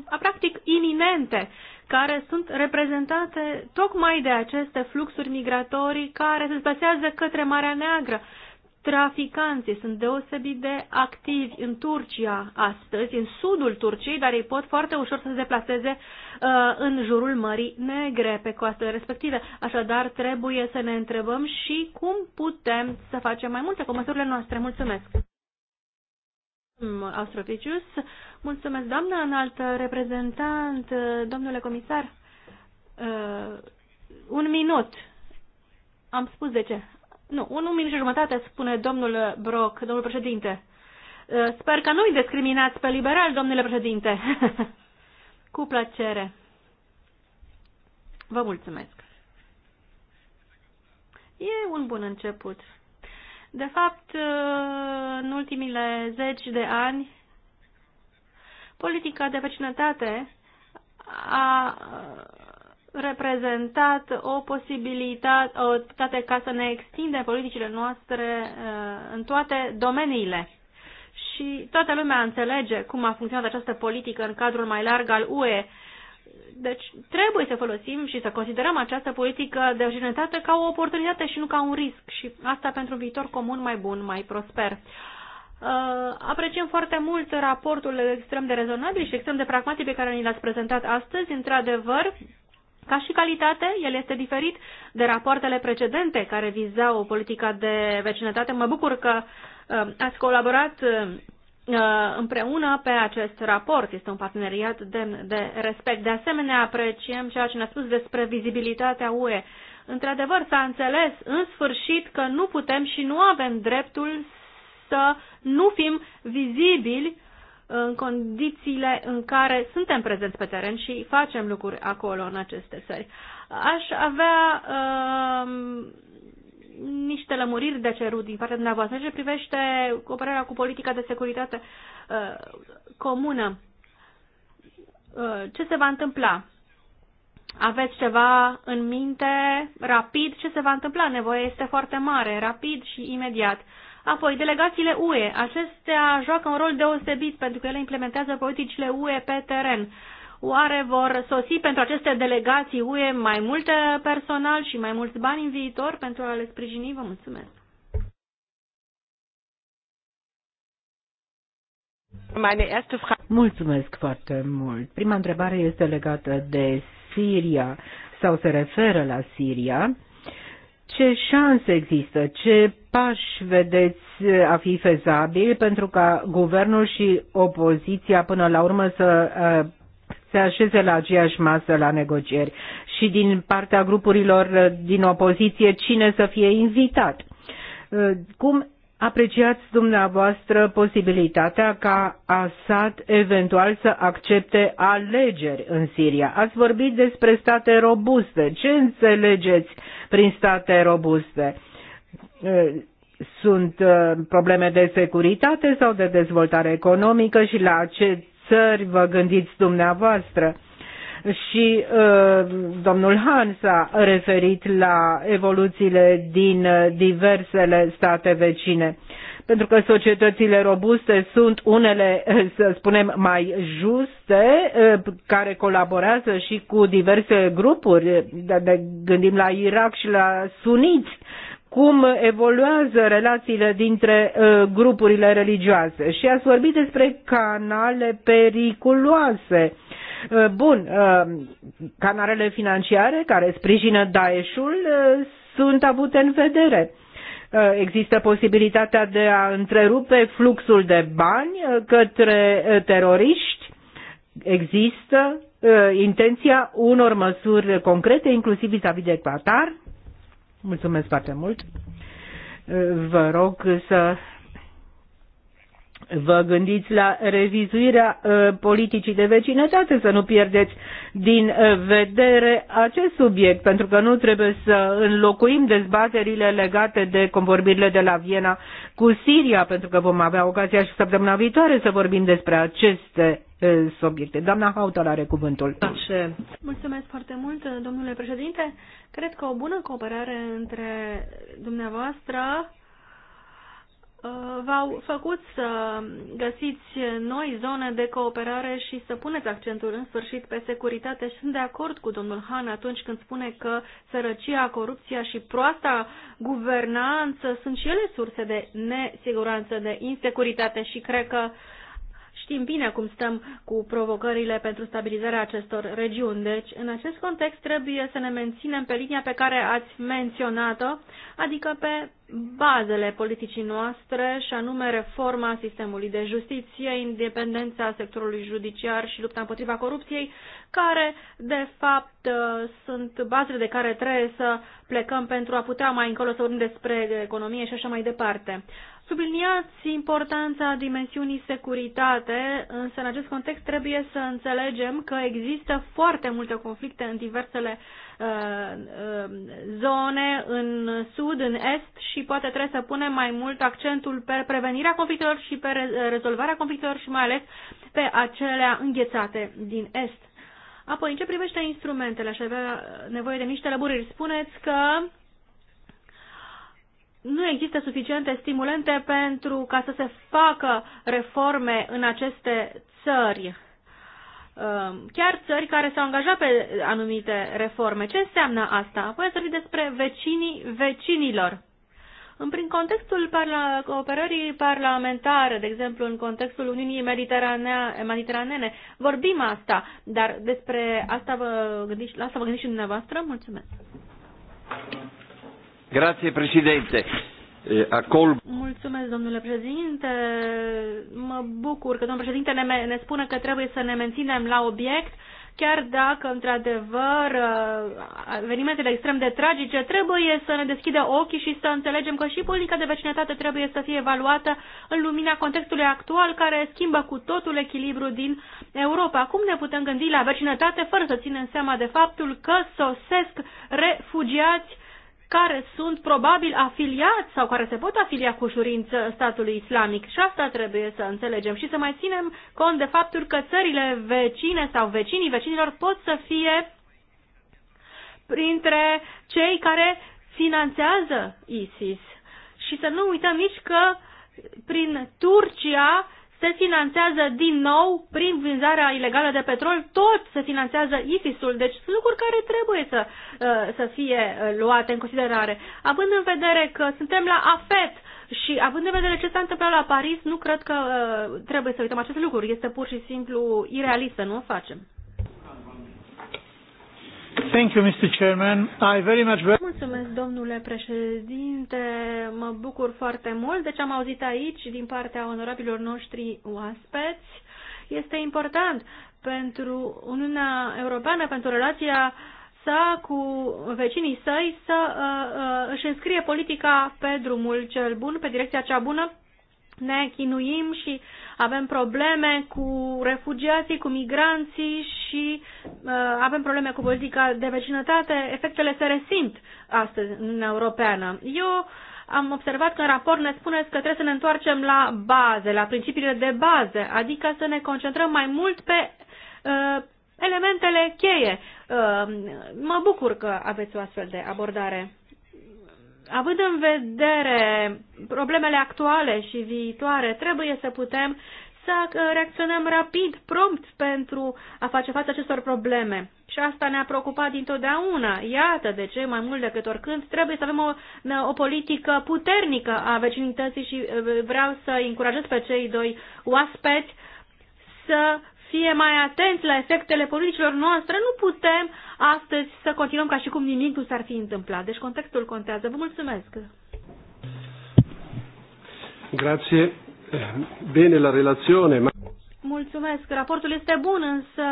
a practic iminente, care sunt reprezentate tocmai de aceste fluxuri migratorii care se spasează către Marea Neagră traficanții sunt deosebit de activi în Turcia astăzi, în sudul Turciei, dar ei pot foarte ușor să se deplaseze uh, în jurul Mării Negre, pe coastele respective. Așadar, trebuie să ne întrebăm și cum putem să facem mai multe cu măsurile noastre. Mulțumesc! Mm, Austropicius, mulțumesc, doamna înalt reprezentant, domnule comisar. Uh, un minut. Am spus de ce. Nu, un minut și jumătate, spune domnul Brock, domnul președinte. Uh, sper că nu-i discriminați pe liberal, domnule președinte. Cu plăcere. Vă mulțumesc. E un bun început. De fapt, uh, în ultimile zeci de ani, politica de vecinătate a reprezentat o posibilitate, o posibilitate ca să ne extindem politicile noastre eh, în toate domeniile. Și toată lumea înțelege cum a funcționat această politică în cadrul mai larg al UE. Deci trebuie să folosim și să considerăm această politică de urgentate ca o oportunitate și nu ca un risc. Și asta pentru un viitor comun mai bun, mai prosper. Eh, apreciem foarte mult raportul extrem de rezonabil și extrem de pragmatic pe care ni l-ați prezentat astăzi. Într-adevăr, ca și calitate, el este diferit de rapoartele precedente care vizau politica de vecinătate. Mă bucur că um, ați colaborat um, uh, împreună pe acest raport. Este un parteneriat demn de respect. De asemenea, apreciem ceea ce ne-a spus despre vizibilitatea UE. Într-adevăr, s-a înțeles în sfârșit că nu putem și nu avem dreptul să nu fim vizibili în condițiile în care suntem prezenți pe teren și facem lucruri acolo, în aceste țări. Aș avea uh, niște lămuriri de cerut din partea dumneavoastră ce privește cooperarea cu politica de securitate uh, comună. Uh, ce se va întâmpla? Aveți ceva în minte rapid? Ce se va întâmpla? Nevoia este foarte mare, rapid și imediat. Uh, Apoi, delegațiile UE. Acestea joacă un rol deosebit pentru că ele implementează politicile UE pe teren. Oare vor sosi pentru aceste delegații UE mai multe personal și mai mulți bani în viitor pentru a le sprijini? Vă mulțumesc! Mulțumesc foarte mult. Prima întrebare este legată de Siria sau se referă la Siria ce șanse există, ce pași vedeți eh, a fi fezabili pentru ca guvernul și opoziția până la urmă să eh, se așeze la aceeași masă la negocieri și din partea grupurilor eh, din opoziție cine să fie invitat. Cum apreciați dumneavoastră posibilitatea ca Assad eventual să accepte alegeri în Siria? Ați vorbit despre state robuste. Ce înțelegeți uh, prin state robuste. Sunt probleme de securitate sau de dezvoltare economică și la ce țări vă gândiți dumneavoastră? și uh, domnul Hans a referit la evoluțiile din diversele state vecine pentru că societățile robuste sunt unele, să spunem, mai juste, care colaborează și cu diverse grupuri, de gândim la Irak și la suniți, cum evoluează relațiile dintre grupurile religioase. Și ați vorbit despre canale periculoase. Bun, canalele financiare care sprijină Daeshul sunt avute în vedere. Eh, există posibilitatea de a întrerupe fluxul de bani eh, către eh, teroriști, există intenția unor măsuri concrete, inclusiv vis-a-vis de Qatar. Mulțumesc foarte mult. Vă rog să vă gândiți la revizuirea uh, politicii de vecinătate, să nu pierdeți din uh, vedere acest subiect, pentru că nu trebuie să înlocuim dezbaterile legate de convorbirile de la Viena cu Siria, pentru că vom avea ocazia și săptămâna viitoare să vorbim despre aceste uh, subiecte. Doamna Hautal are cuvântul. Mulțumesc foarte mult, domnule președinte. Cred că o bună cooperare între dumneavoastră Uh, v-au făcut să găsiți noi zone de cooperare și să puneți accentul în sfârșit pe securitate. Sunt de acord cu domnul Han atunci când spune că sărăcia, corupția și proasta guvernanță sunt și ele surse de nesiguranță, de insecuritate și cred că Știm bine cum stăm cu provocările pentru stabilizarea acestor regiuni. Deci, în acest context, trebuie să ne menținem pe linia pe care ați menționat-o, adică pe bazele politicii noastre, și anume reforma sistemului de justiție, independența sectorului judiciar și lupta împotriva corupției, care, de fapt, sunt bazele de care trebuie să plecăm pentru a putea mai încolo să vorbim despre economie și așa mai departe. Subliniați importanța dimensiunii securitate, însă în acest context trebuie să înțelegem că există foarte multe conflicte în diversele uh, uh zone, în sud, în est și poate trebuie să punem mai mult accentul pe prevenirea conflictelor și pe rezolvarea conflictelor și mai ales pe acelea înghețate din est. Apoi, în ce privește instrumentele, aș avea nevoie de niște lăburiri. Spuneți că nu există suficiente stimulente pentru ca să se facă reforme în aceste țări. Ehm, chiar țări care s-au angajat pe anumite reforme. Ce înseamnă asta? Voi vorbi despre vecinii vecinilor. În prin contextul parla- cooperării parlamentare, de exemplu în contextul Uniunii Mediteranene, vorbim asta, dar despre asta vă gândiți, la asta vă gândiți și dumneavoastră? Mulțumesc! Grazie, Acol... Mulțumesc, domnule președinte. Mă bucur că domnul președinte ne, ne spune că trebuie să ne menținem la obiect, chiar dacă, într-adevăr, uh, evenimentele extrem de tragice trebuie să ne deschidă ochii și să înțelegem că și politica de vecinătate trebuie să fie evaluată în lumina contextului actual, care schimbă cu totul echilibru din Europa. Cum ne putem gândi la vecinătate fără să ținem seama de faptul că sosesc refugiați care sunt probabil afiliați sau care se pot afilia cu ușurință statului islamic. Și asta trebuie să înțelegem și să mai ținem cont de faptul că țările vecine sau vecinii vecinilor pot să fie printre cei care finanțează ISIS. Și să nu uităm nici că prin Turcia se finanțează din nou prin vânzarea ilegală de petrol, tot se finanțează ISIS-ul. Deci sunt lucruri care trebuie să, uh, să fie uh, luate în considerare. Având în vedere că suntem la AFET și având în vedere ce s-a întâmplat la Paris, nu cred că uh, trebuie să uităm aceste lucruri. Este pur și simplu irealist să nu o facem. Thank you, Mr. Chairman. I very much... Mulțumesc, domnule președinte. Mă bucur foarte mult. de deci ce am auzit aici, din partea onorabilor noștri oaspeți, este important pentru Uniunea Europeană, pentru relația sa cu vecinii săi să uh, uh, își înscrie politica pe drumul cel bun, pe direcția cea bună. Ne chinuim și uh, avem probleme cu refugiații, cu migranții și uh, avem probleme cu politica de vecinătate, efectele se resimt astăzi în Europeană. Eu am observat că în raport ne spuneți că trebuie să ne întoarcem la baze, la principiile de bază, adică să ne concentrăm mai mult pe uh, elementele cheie. Uh, mă bucur că aveți o astfel de abordare având în vedere problemele actuale și viitoare, trebuie să putem să uh, reacționăm rapid, prompt pentru a face față acestor probleme. Și asta ne-a preocupat dintotdeauna. Iată de ce, mai mult decât oricând, trebuie să avem o, o politică puternică a vecinității și uh, vreau să încurajez pe cei doi oaspeți să fie mai atenți la efectele politicilor noastre, nu putem astăzi să continuăm ca și cum nimic nu s-ar fi întâmplat. Deci contextul contează. Vă mulțumesc! Grazie. Bine la relazione. Ma... Mulțumesc. Raportul este bun, însă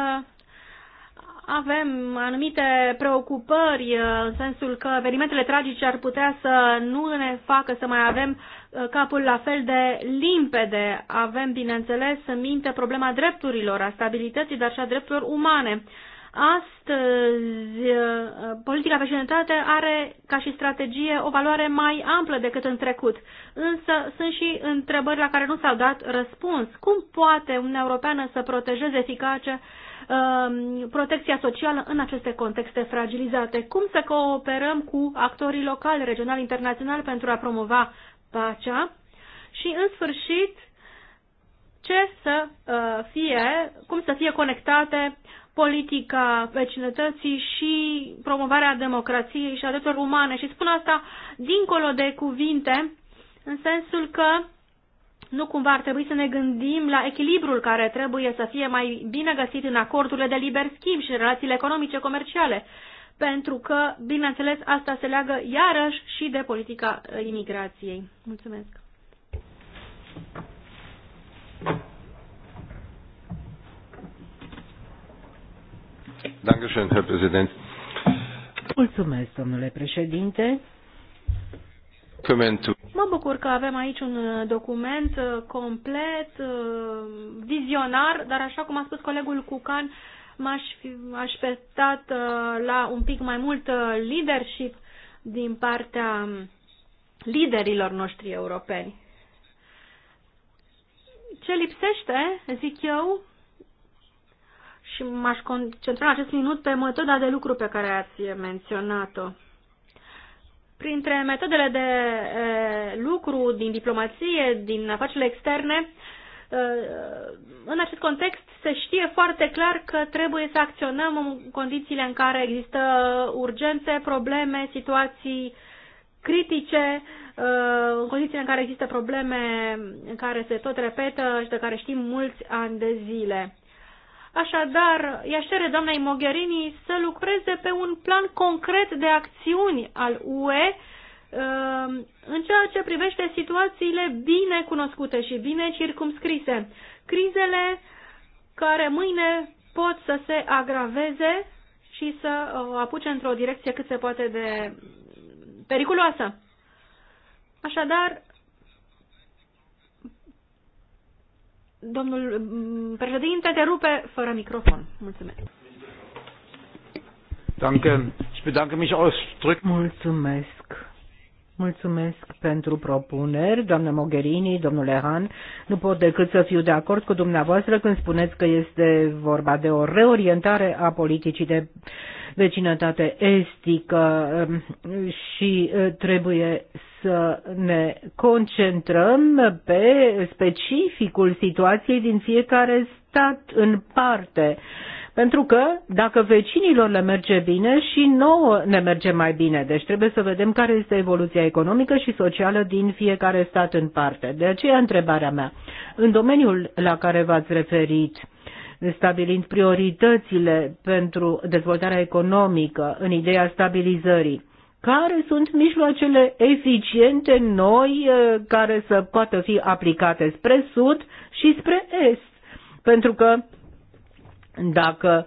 avem anumite preocupări uh, în sensul că evenimentele tragice ar putea să nu ne facă să mai avem Uh, capul la fel de limpede. Avem, bineînțeles, în minte problema drepturilor, a stabilității, dar și a drepturilor umane. Astăzi, uh, politica vecinătate are ca și strategie o valoare mai amplă decât în trecut, însă sunt și întrebări la care nu s-au dat răspuns. Cum poate Uniunea Europeană să protejeze eficace uh, protecția socială în aceste contexte fragilizate? Cum să cooperăm cu actorii locali, regionali, internaționali pentru a promova pacea și, în sfârșit, ce să uh, fie, cum să fie conectate politica vecinătății și promovarea democrației și a drepturilor umane. Și spun asta dincolo de cuvinte, în sensul că nu cumva ar trebui să ne gândim la echilibrul care trebuie să fie mai bine găsit în acordurile de liber schimb și în relațiile economice comerciale pentru că, bineînțeles, asta se leagă iarăși și de politica uh, imigrației. Mulțumesc! Dankeschön, Herr Präsident. Mulțumesc, domnule președinte. Mă bucur că avem aici un uh, document uh, complet, vizionar, dar așa cum a spus colegul Cucan, m-aș fi așteptat uh, la un pic mai mult uh, leadership din partea um, liderilor noștri europeni. Ce lipsește, zic eu, și m-aș concentra în acest minut pe metoda de lucru pe care ați menționat-o. Printre metodele de e, lucru din diplomație, din afacerile externe, e, în acest context se știe foarte clar că trebuie să acționăm în condițiile în care există urgențe, probleme, situații critice, uh, în condițiile în care există probleme în care se tot repetă și de care știm mulți ani de zile. Așadar, i-aș cere doamnei Mogherini să lucreze pe un plan concret de acțiuni al UE uh, în ceea ce privește situațiile bine cunoscute și bine circumscrise. Crizele care mâine pot să se agraveze și să o uh, apuce într-o direcție cât se poate de periculoasă. Așadar, domnul mm, președinte te rupe fără microfon. Mulțumesc. Danke. Ich bedanke mich ausdrücklich. Mulțumesc Mulțumesc pentru propuneri, doamnă Mogherini, domnule Han. Nu pot decât să fiu de acord cu dumneavoastră când spuneți că este vorba de o reorientare a politicii de vecinătate estică um, și uh, trebuie să ne concentrăm pe specificul situației din fiecare stat în parte pentru că dacă vecinilor le merge bine și nouă ne merge mai bine. Deci trebuie să vedem care este evoluția economică și socială din fiecare stat în parte. De aceea întrebarea mea. În domeniul la care v-ați referit, stabilind prioritățile pentru dezvoltarea economică în ideea stabilizării, care sunt mijloacele eficiente noi eh, care să poată fi aplicate spre sud și spre est. Pentru că dacă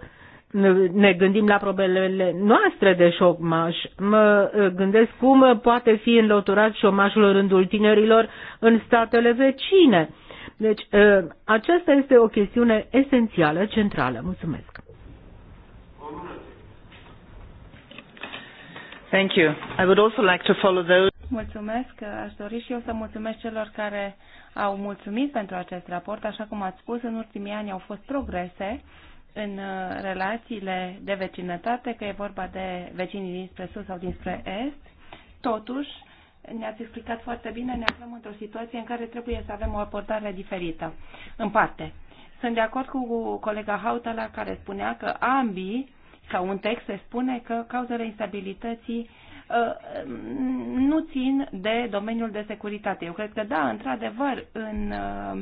ne gândim la problemele noastre de șomaș. Mă uh, gândesc cum poate fi înlăturat șomașul în rândul tinerilor în statele vecine. Deci, uh, aceasta este o chestiune esențială, centrală. Mulțumesc. Thank you. I would also like to follow those... Mulțumesc. Aș dori și eu să mulțumesc celor care au mulțumit pentru acest raport. Așa cum ați spus, în ultimii ani au fost progrese în uh, relațiile de vecinătate, că e vorba de vecinii dinspre sus sau dinspre est. Totuși, ne-ați explicat foarte bine, ne aflăm într-o situație în care trebuie să avem o abordare diferită, în parte. Sunt de acord cu colega Hautala care spunea că ambii, sau un text se spune că cauzele instabilității uh, nu țin de domeniul de securitate. Eu cred că da, într-adevăr, în uh,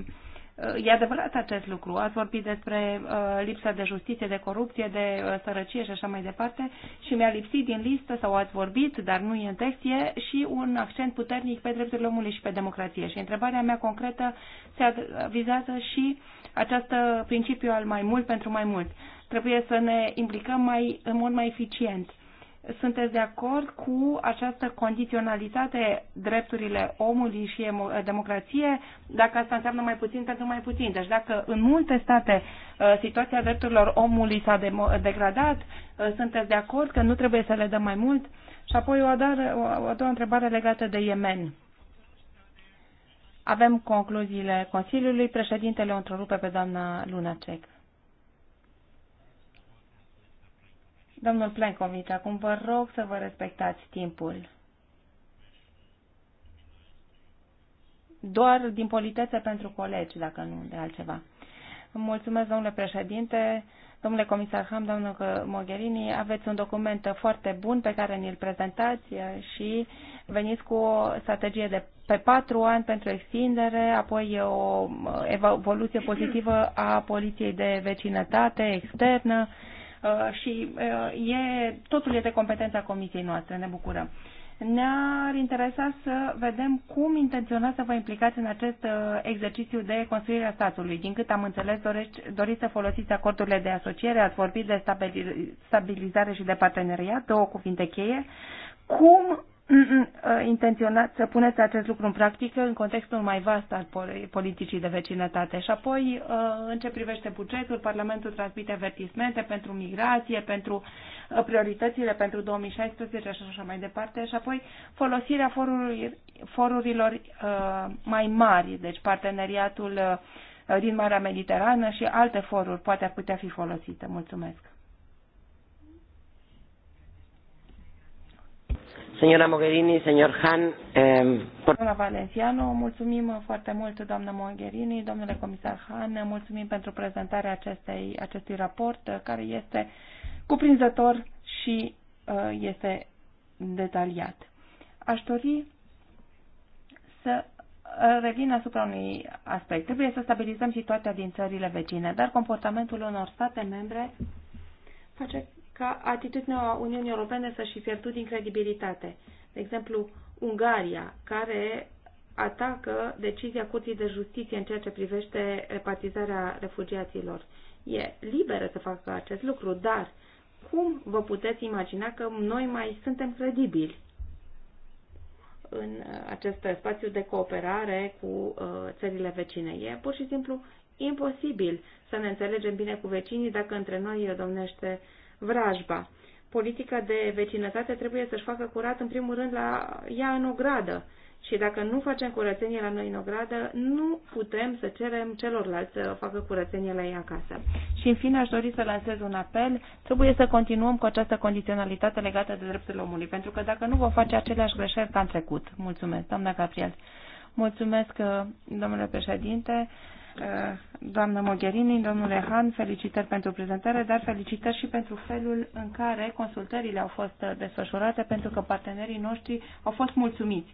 Uh, e adevărat acest lucru. Ați vorbit despre uh, lipsa de justiție, de corupție, de uh, sărăcie și așa mai departe și mi-a lipsit din listă sau ați vorbit, dar nu e în text, e și un accent puternic pe drepturile omului și pe democrație. Și întrebarea mea concretă se vizează și această principiu al mai mult pentru mai mult. Trebuie să ne implicăm mai, în mod mai eficient sunteți de acord cu această condiționalitate drepturile omului și eh, democrație, dacă asta înseamnă mai puțin pentru mai puțin. Deci dacă în multe state eh, situația drepturilor omului s-a degradat, eh, sunteți de acord că nu trebuie să le dăm mai mult? Și apoi o a, doua, o a doua întrebare legată de Yemen. Avem concluziile Consiliului, președintele o întrerupe pe doamna Lunacek. Domnul Plencovici, acum vă rog să vă respectați timpul. Doar din politețe pentru colegi, dacă nu de altceva. Mulțumesc, domnule președinte, domnule comisar Ham, domnul Mogherini, aveți un document foarte bun pe care ni-l prezentați și veniți cu o strategie de pe patru ani pentru extindere, apoi o evoluție pozitivă a poliției de vecinătate externă, Uh, și uh, e, totul e de competența comisiei noastre, ne bucurăm. Ne-ar interesa să vedem cum intenționați să vă implicați în acest uh, exercițiu de construire a statului. Din cât am înțeles, dorești, doriți să folosiți acordurile de asociere, ați vorbit de stabilizare și de parteneriat, două cuvinte cheie. Cum Mm, mm, uh, intenționat să puneți acest lucru în practică în contextul mai vast al politicii de vecinătate. Și apoi, uh, în ce privește bugetul, Parlamentul transmite avertismente pentru migrație, pentru uh, prioritățile pentru 2016 și așa mai departe. Și apoi, folosirea forurilor mai mari, deci parteneriatul din Marea Mediterană și alte foruri poate ar putea fi folosite. Mulțumesc! Señora Mogherini, señor Han. Eh, por... Doamna Valenciano, mulțumim foarte mult, doamna Mogherini, domnule comisar Han, mulțumim pentru prezentarea acestei, acestui raport, care este cuprinzător și uh, este detaliat. Aș dori să uh, revin asupra unui aspect. Trebuie să stabilizăm situația din țările vecine, dar comportamentul unor state membre face ca atitudinea Uniunii Europene să-și fi pierdut din credibilitate. De exemplu, Ungaria, care atacă decizia Curții de Justiție în ceea ce privește repartizarea refugiaților. E liberă să facă acest lucru, dar cum vă puteți imagina că noi mai suntem credibili în acest spațiu de cooperare cu uh, țările vecine? E pur și simplu imposibil să ne înțelegem bine cu vecinii dacă între noi domnește vrajba. Politica de vecinătate trebuie să-și facă curat, în primul rând, la ea în ogradă. Și dacă nu facem curățenie la noi în ogradă, nu putem să cerem celorlalți să facă curățenie la ei acasă. Și în fine aș dori să lansez un apel. Trebuie să continuăm cu această condiționalitate legată de drepturile omului, pentru că dacă nu vom face aceleași greșeli ca în trecut. Mulțumesc, doamna Gabriel. Mulțumesc, domnule președinte. Eh, doamnă Mogherini, domnule Han, felicitări pentru prezentare, dar felicitări și pentru felul în care consultările au fost eh, desfășurate, pentru că partenerii noștri au fost mulțumiți.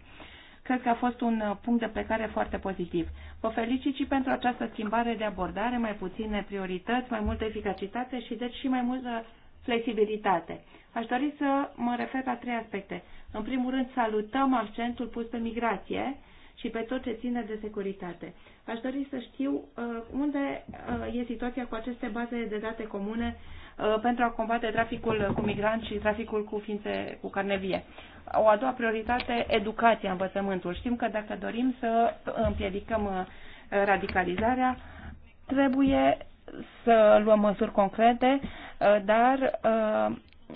Cred că a fost un eh, punct de plecare foarte pozitiv. Vă felicit și pentru această schimbare de abordare, mai puține priorități, mai multă eficacitate și deci și mai multă flexibilitate. Aș dori să mă refer la trei aspecte. În primul rând, salutăm accentul pus pe migrație, și pe tot ce ține de securitate. Aș dori să știu uh, unde uh, e situația cu aceste baze de date comune uh, pentru a combate traficul cu migranți și traficul cu ființe cu carne vie. O a doua prioritate, educația, învățământul. Știm că dacă dorim să împiedicăm radicalizarea, trebuie să luăm măsuri concrete, dar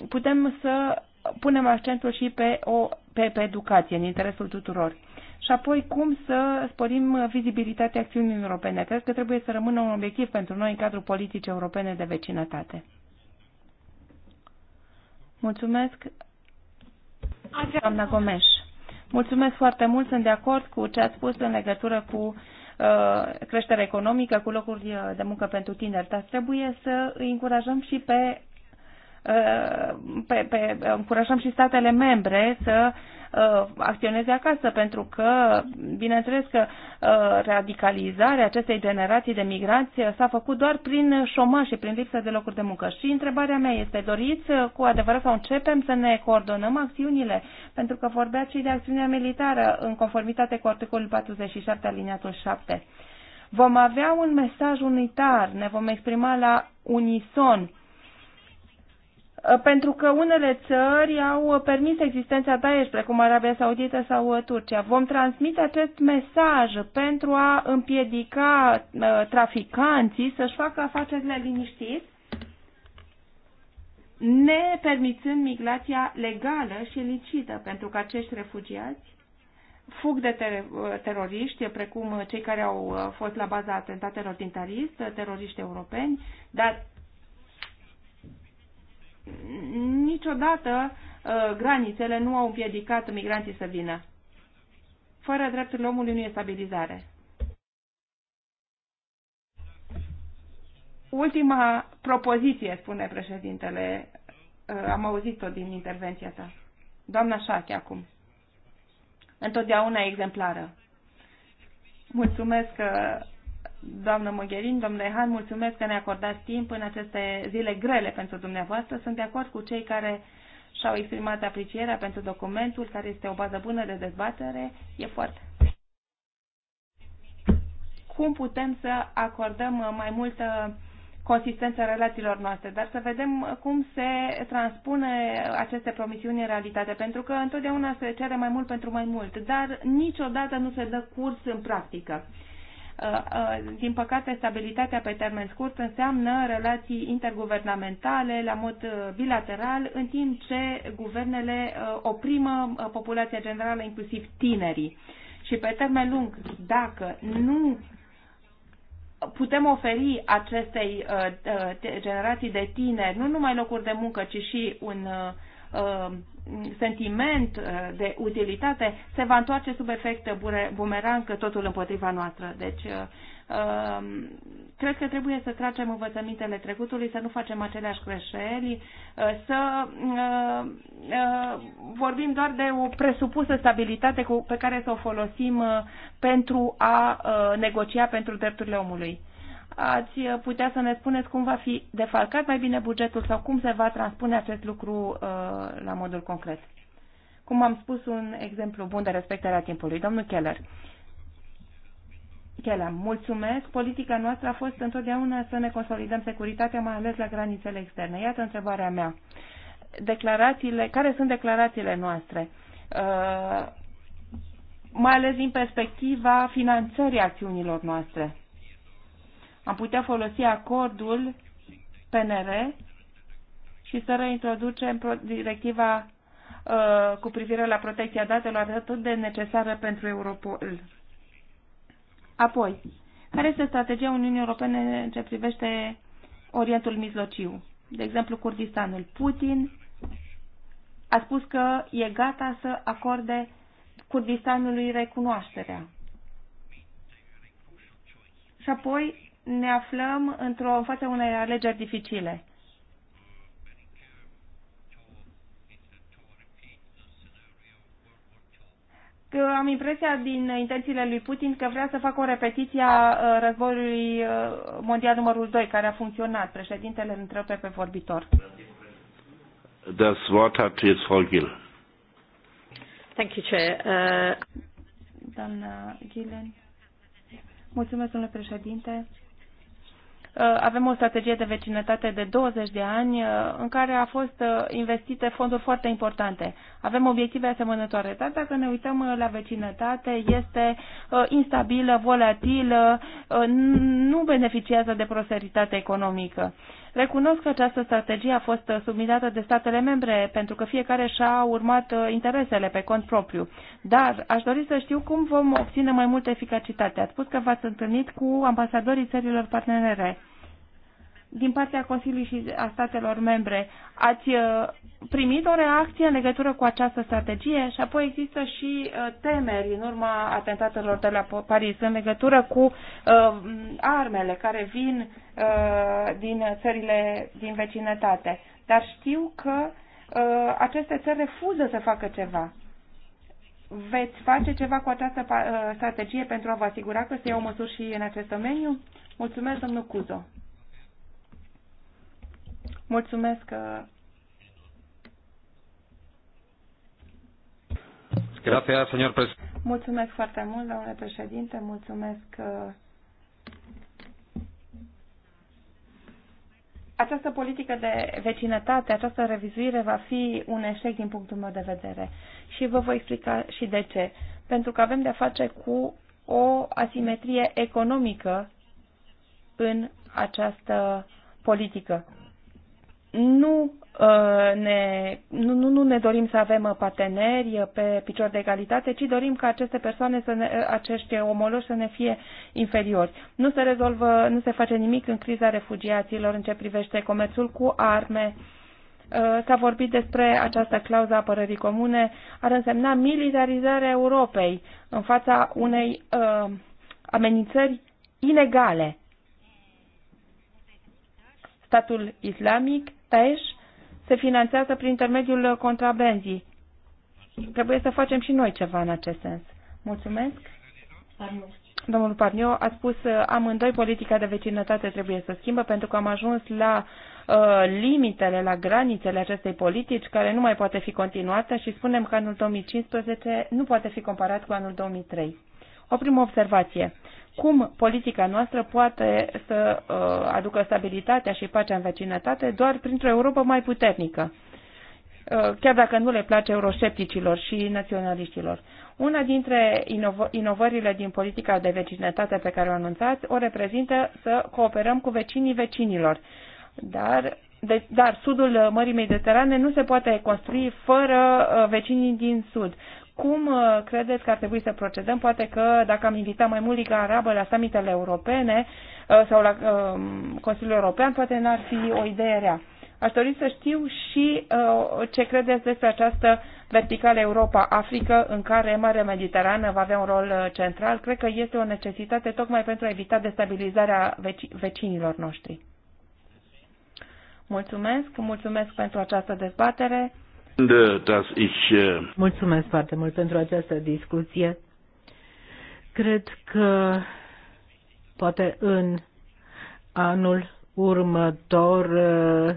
putem să punem accentul și pe, o, pe, pe educație, în interesul tuturor și apoi cum să sporim vizibilitatea acțiunii europene. Cred că trebuie să rămână un obiectiv pentru noi în cadrul politicii europene de vecinătate. Mulțumesc, doamna Gomes. Mulțumesc foarte mult, sunt de acord cu ce ați spus în legătură cu uh, creșterea economică, cu locuri de muncă pentru tineri, dar trebuie să îi încurajăm și pe pe, pe, încurajăm și statele membre să uh, acționeze acasă, pentru că, bineînțeles că uh, radicalizarea acestei generații de migranți s-a făcut doar prin șomaș și prin lipsa de locuri de muncă. Și întrebarea mea este, doriți uh, cu adevărat să începem să ne coordonăm acțiunile? Pentru că vorbeați și de acțiunea militară în conformitate cu articolul 47 aliniatul 7. Vom avea un mesaj unitar, ne vom exprima la unison Uh, pentru că unele țări au uh, permis existența Daesh, precum Arabia Saudită sau uh, Turcia. Vom transmite acest mesaj pentru a împiedica traficanții să-și facă afacerile liniștiți, ne permițând migrația legală și licită, pentru că acești refugiați fug de ter- teroriști, precum cei care au fost la baza atentatelor din Paris, teroriști europeni, dar niciodată uh, granițele nu au împiedicat migranții să vină. Fără drepturile omului nu e stabilizare. Ultima propoziție, spune președintele, uh, am auzit-o din intervenția ta. Doamna Șache, acum. Întotdeauna exemplară. Mulțumesc Doamnă Mogherin, domnule Han, mulțumesc că ne acordați timp în aceste zile grele pentru dumneavoastră. Sunt de acord cu cei care și-au exprimat aprecierea pentru documentul, care este o bază bună de dezbatere. E foarte. Cum putem să acordăm mai multă consistență relațiilor noastre, dar să vedem cum se transpune aceste promisiuni în realitate, pentru că întotdeauna se cere mai mult pentru mai mult, dar niciodată nu se dă curs în practică. Uh, uh, din păcate, stabilitatea pe termen scurt înseamnă relații interguvernamentale la mod uh, bilateral, în timp ce guvernele oprimă populația generală, inclusiv tinerii. Și pe termen lung, dacă nu putem oferi acestei generații de tineri nu numai locuri de muncă, ci și un uh, Um, sentiment uh, de utilitate se va întoarce sub efect bumerang totul împotriva noastră. Deci, uh, um, cred că trebuie să tracem învățămintele trecutului, să nu facem aceleași greșeli, uh, să vorbim doar de o presupusă stabilitate pe care să o folosim pentru a negocia pentru drepturile omului ați putea să ne spuneți cum va fi defalcat mai bine bugetul sau cum se va transpune acest lucru uh, la modul concret. Cum am spus, un exemplu bun de respectare a timpului. Domnul Keller. Keller, mulțumesc. Politica noastră a fost întotdeauna să ne consolidăm securitatea, mai ales la granițele externe. Iată întrebarea mea. Declarațiile, care sunt declarațiile noastre? Uh, mai ales din perspectiva finanțării acțiunilor noastre. Am putea folosi acordul PNR și să reintroducem directiva uh, cu privire la protecția datelor atât de necesară pentru Europol. Apoi, care este strategia Uniunii Europene în ce privește Orientul Mijlociu? De exemplu, Kurdistanul. Putin a spus că e gata să acorde Kurdistanului recunoașterea. Și apoi ne aflăm într-o în fața unei alegeri dificile. Că am impresia din intențiile lui Putin că vrea să facă o repetiție a uh, războiului uh, mondial numărul 2, care a funcționat. Președintele îl pe vorbitor. Das Wort hat jetzt Frau Gill. Thank you, Chair. Uh... Doamna Gillen. Mulțumesc, domnule președinte. Uh, avem o strategie de vecinătate de 20 de ani uh, în care a fost uh, investite fonduri foarte importante. Avem obiective asemănătoare, dar dacă ne uităm la vecinătate, este instabilă, volatilă, nu beneficiază de prosperitate economică. Recunosc că această strategie a fost subminată de statele membre pentru că fiecare și-a urmat uh, interesele pe cont propriu. Dar aș dori să știu cum vom obține mai multă eficacitate. Ați spus că v-ați întâlnit cu ambasadorii țărilor partenere din partea Consiliului și a statelor membre. Ați uh, primit o reacție în legătură cu această strategie și apoi există și uh, temeri în urma atentatelor de la Paris în legătură cu uh, armele care vin uh, din țările din vecinătate. Dar știu că uh, aceste țări refuză să facă ceva veți face ceva cu această uh, strategie pentru a vă asigura că se iau măsuri și în acest domeniu? Mulțumesc, domnul Cuzo. Mulțumesc că... Gracias, señor Mulțumesc foarte mult, domnule președinte. Mulțumesc că... Uh, această politică de vecinătate, această revizuire va fi un eșec din punctul meu de vedere. Și vă voi explica și de ce. Pentru că avem de-a face cu o asimetrie economică în această politică nu uh, ne, nu, nu, nu ne dorim să avem uh, parteneri uh, pe picior de egalitate, ci dorim ca aceste persoane, să ne, acești omoloși, să ne fie inferiori. Nu se rezolvă, nu se face nimic în criza refugiaților în ce privește comerțul cu arme. S-a vorbit despre această clauză a apărării comune, ar însemna militarizarea Europei în fața unei uh, amenințări inegale. Statul islamic Daesh se finanțează prin intermediul contrabenzii. Trebuie să facem și noi ceva în acest sens. Mulțumesc. Domnul Parniu a spus amândoi politica de vecinătate trebuie să schimbă pentru că am ajuns la uh, limitele, la granițele acestei politici care nu mai poate fi continuată și spunem că anul 2015 nu poate fi comparat cu anul 2003. O primă observație cum politica noastră poate să uh, aducă stabilitatea și pacea în vecinătate doar printr-o Europa mai puternică, uh, chiar dacă nu le place euroscepticilor și naționaliștilor. Una dintre inov- inovările din politica de vecinătate pe care o anunțați o reprezintă să cooperăm cu vecinii vecinilor. Dar de, dar sudul Mării Mediterane nu se poate construi fără uh, vecinii din sud cum uh, credeți că ar trebui să procedăm? Poate că dacă am invitat mai mult Liga Arabă la summitele europene uh, sau la uh, Consiliul European, poate n-ar fi o idee rea. Aș dori să știu și ce credeți despre această verticală Europa-Africă în care Marea Mediterană va avea un rol central. Cred că este o necesitate tocmai pentru a evita destabilizarea vecinilor noștri. Mulțumesc, mulțumesc pentru această dezbatere. Äh, Mulțumesc foarte mult pentru această discuție. Cred că poate în anul următor uh,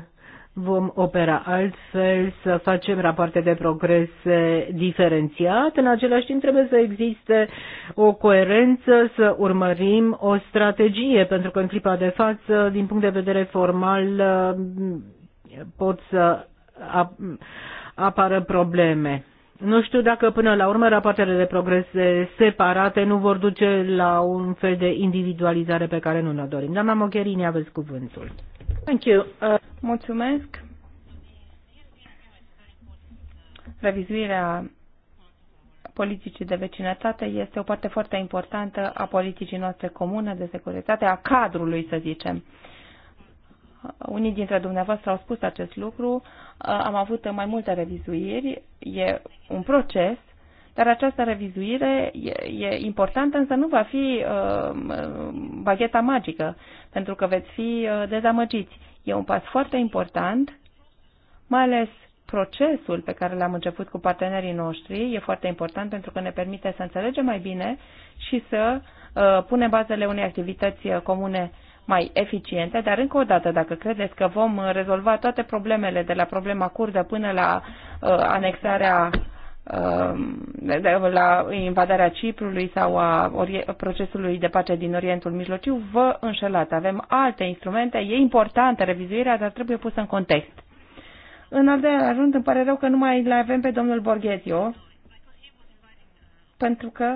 vom opera altfel, să facem rapoarte de progrese diferențiat. În același timp trebuie să existe o coerență, să urmărim o strategie, pentru că în clipa de față, din punct de vedere formal, uh, pot să apară probleme. Nu știu dacă până la urmă rapoartele de progrese separate nu vor duce la un fel de individualizare pe care nu ne dorim. Doamna Mogherini, aveți cuvântul. Thank you. Uh, mulțumesc. Revizuirea politicii de vecinătate este o parte foarte importantă a politicii noastre comune de securitate, a cadrului, să zicem. Uh, unii dintre dumneavoastră au spus acest lucru. Uh, am avut mai multe revizuiri. E un proces, dar această revizuire e, e importantă, însă nu va fi uh, bagheta magică, pentru că veți fi uh, dezamăgiți. E un pas foarte important, mai ales procesul pe care l-am început cu partenerii noștri e foarte important pentru că ne permite să înțelegem mai bine și să uh, punem bazele unei activități uh, comune uh, mai eficiente, dar încă o dată, dacă credeți că vom rezolva toate problemele de la problema curdă până la uh, anexarea uh, la invadarea Ciprului sau a procesului de pace din Orientul Mijlociu, vă înșelați. Avem alte instrumente, e importantă revizuirea, dar trebuie pusă în context. În al doilea rând, îmi pare rău că nu mai le avem pe domnul Borghezio, pentru că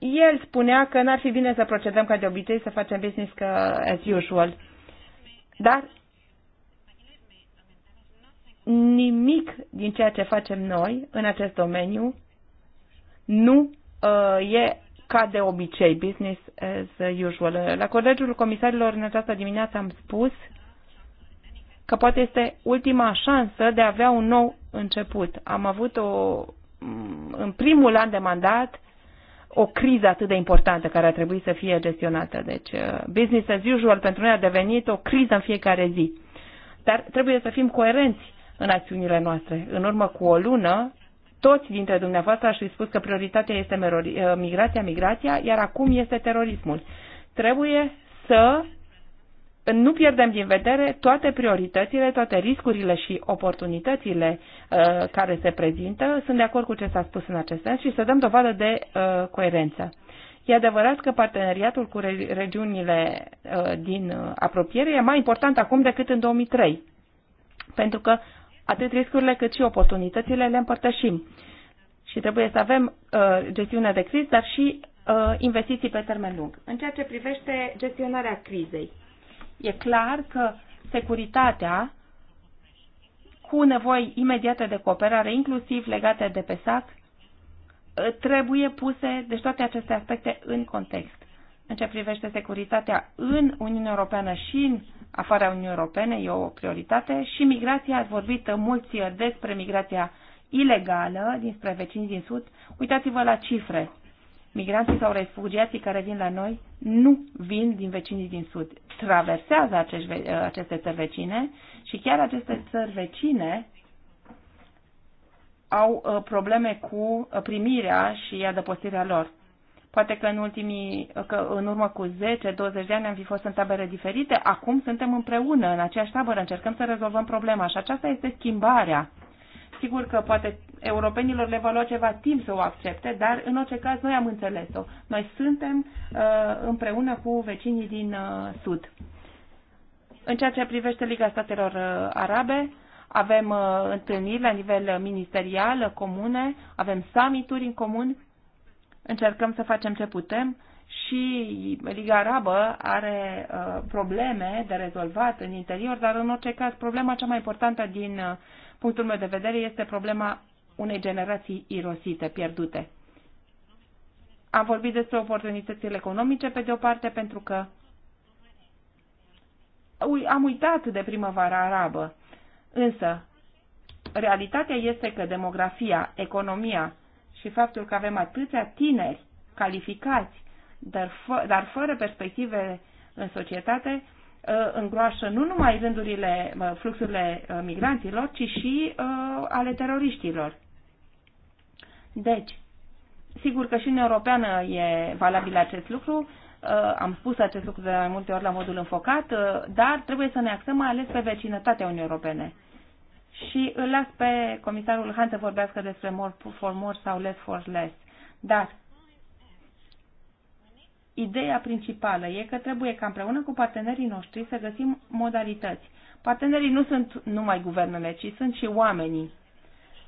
el spunea că n-ar fi bine să procedăm ca de obicei, să facem business ca as usual. Dar nimic din ceea ce facem noi în acest domeniu nu uh, e ca de obicei, business as usual. La Colegiul Comisarilor în această dimineață am spus că poate este ultima șansă de a avea un nou început. Am avut o, în primul an de mandat o criză atât de importantă care a trebuit să fie gestionată. Deci, uh, business as usual pentru noi a devenit o criză în fiecare zi. Dar trebuie să fim coerenți în acțiunile noastre. În urmă cu o lună, toți dintre dumneavoastră aș fi spus că prioritatea este uh, migrația, migrația, iar acum este terorismul. Trebuie să nu pierdem din vedere toate prioritățile, toate riscurile și oportunitățile uh, care se prezintă. Sunt de acord cu ce s-a spus în acest sens și să dăm dovadă de uh, coerență. E adevărat că parteneriatul cu regiunile uh, din uh, apropiere e mai important acum decât în 2003, pentru că atât riscurile cât și oportunitățile le împărtășim. Și trebuie să avem uh, gestiune de criză, dar și uh, investiții pe termen lung. În ceea ce privește gestionarea crizei, E clar că securitatea cu nevoi imediate de cooperare, inclusiv legate de PESAC, trebuie puse, deci toate aceste aspecte, în context. În ce privește securitatea în Uniunea Europeană și în afara Uniunii Europene, e o prioritate și migrația, ați vorbit mulți despre migrația ilegală dinspre vecini din Sud. Uitați-vă la cifre. Migranții sau refugiații care vin la noi nu vin din vecinii din Sud. Traversează acești, aceste țări vecine și chiar aceste țări vecine au uh, probleme cu uh, primirea și adăpostirea lor. Poate că în, ultimii, uh, că în urmă cu 10-20 de ani am fi fost în tabere diferite, acum suntem împreună în aceeași tabără, încercăm să rezolvăm problema și aceasta este schimbarea. Sigur că poate europenilor le va lua ceva timp să o accepte, dar în orice caz noi am înțeles-o. Noi suntem uh, împreună cu vecinii din uh, Sud. În ceea ce privește Liga Statelor uh, Arabe, avem uh, întâlniri la nivel ministerial, uh, comune, avem summituri în comun, încercăm să facem ce putem și Liga Arabă are uh, probleme de rezolvat în interior, dar în orice caz problema cea mai importantă din uh, punctul meu de vedere este problema unei generații irosite, pierdute. Am vorbit despre oportunitățile economice, pe de o parte, pentru că am uitat de primăvara arabă. Însă, realitatea este că demografia, economia și faptul că avem atâția tineri calificați, dar, fă, dar fără perspective în societate, uh, îngroașă nu numai rândurile, uh, fluxurile uh, migranților, ci și ale teroriștilor. Deci, sigur că și în europeană e valabil acest lucru, uh, am spus acest lucru de mai multe ori la modul înfocat, uh, dar trebuie să ne axăm mai ales pe vecinătatea Uniunii Europene. Și îl las pe comisarul Han să vorbească despre more for more sau less for less. Dar ideea principală e că trebuie ca împreună cu partenerii noștri să găsim modalități. Partenerii nu sunt numai guvernele, ci sunt și oamenii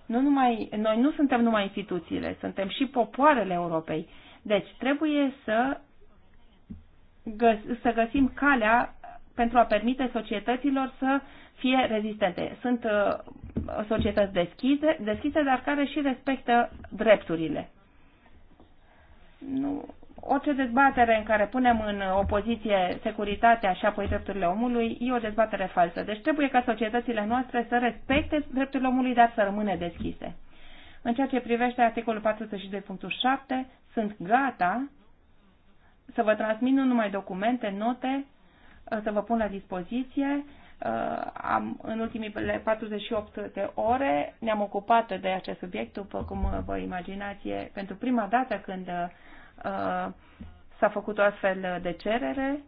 nu numai, noi nu suntem numai instituțiile, suntem și popoarele Europei. Deci trebuie să, găs, să găsim calea pentru a permite societăților să fie rezistente. Sunt uh, societăți deschise, deschise, dar care și respectă drepturile. Nu, orice dezbatere în care punem în opoziție securitatea și apoi drepturile omului e o dezbatere falsă. Deci trebuie ca societățile noastre să respecte drepturile omului, dar să rămâne deschise. În ceea ce privește articolul 42.7, sunt gata să vă transmit nu numai documente, note, să vă pun la dispoziție Uh, am, în ultimile 48 de ore ne-am ocupat de acest subiect, după cum vă imaginați, pentru prima dată când uh, s-a făcut o astfel de cerere.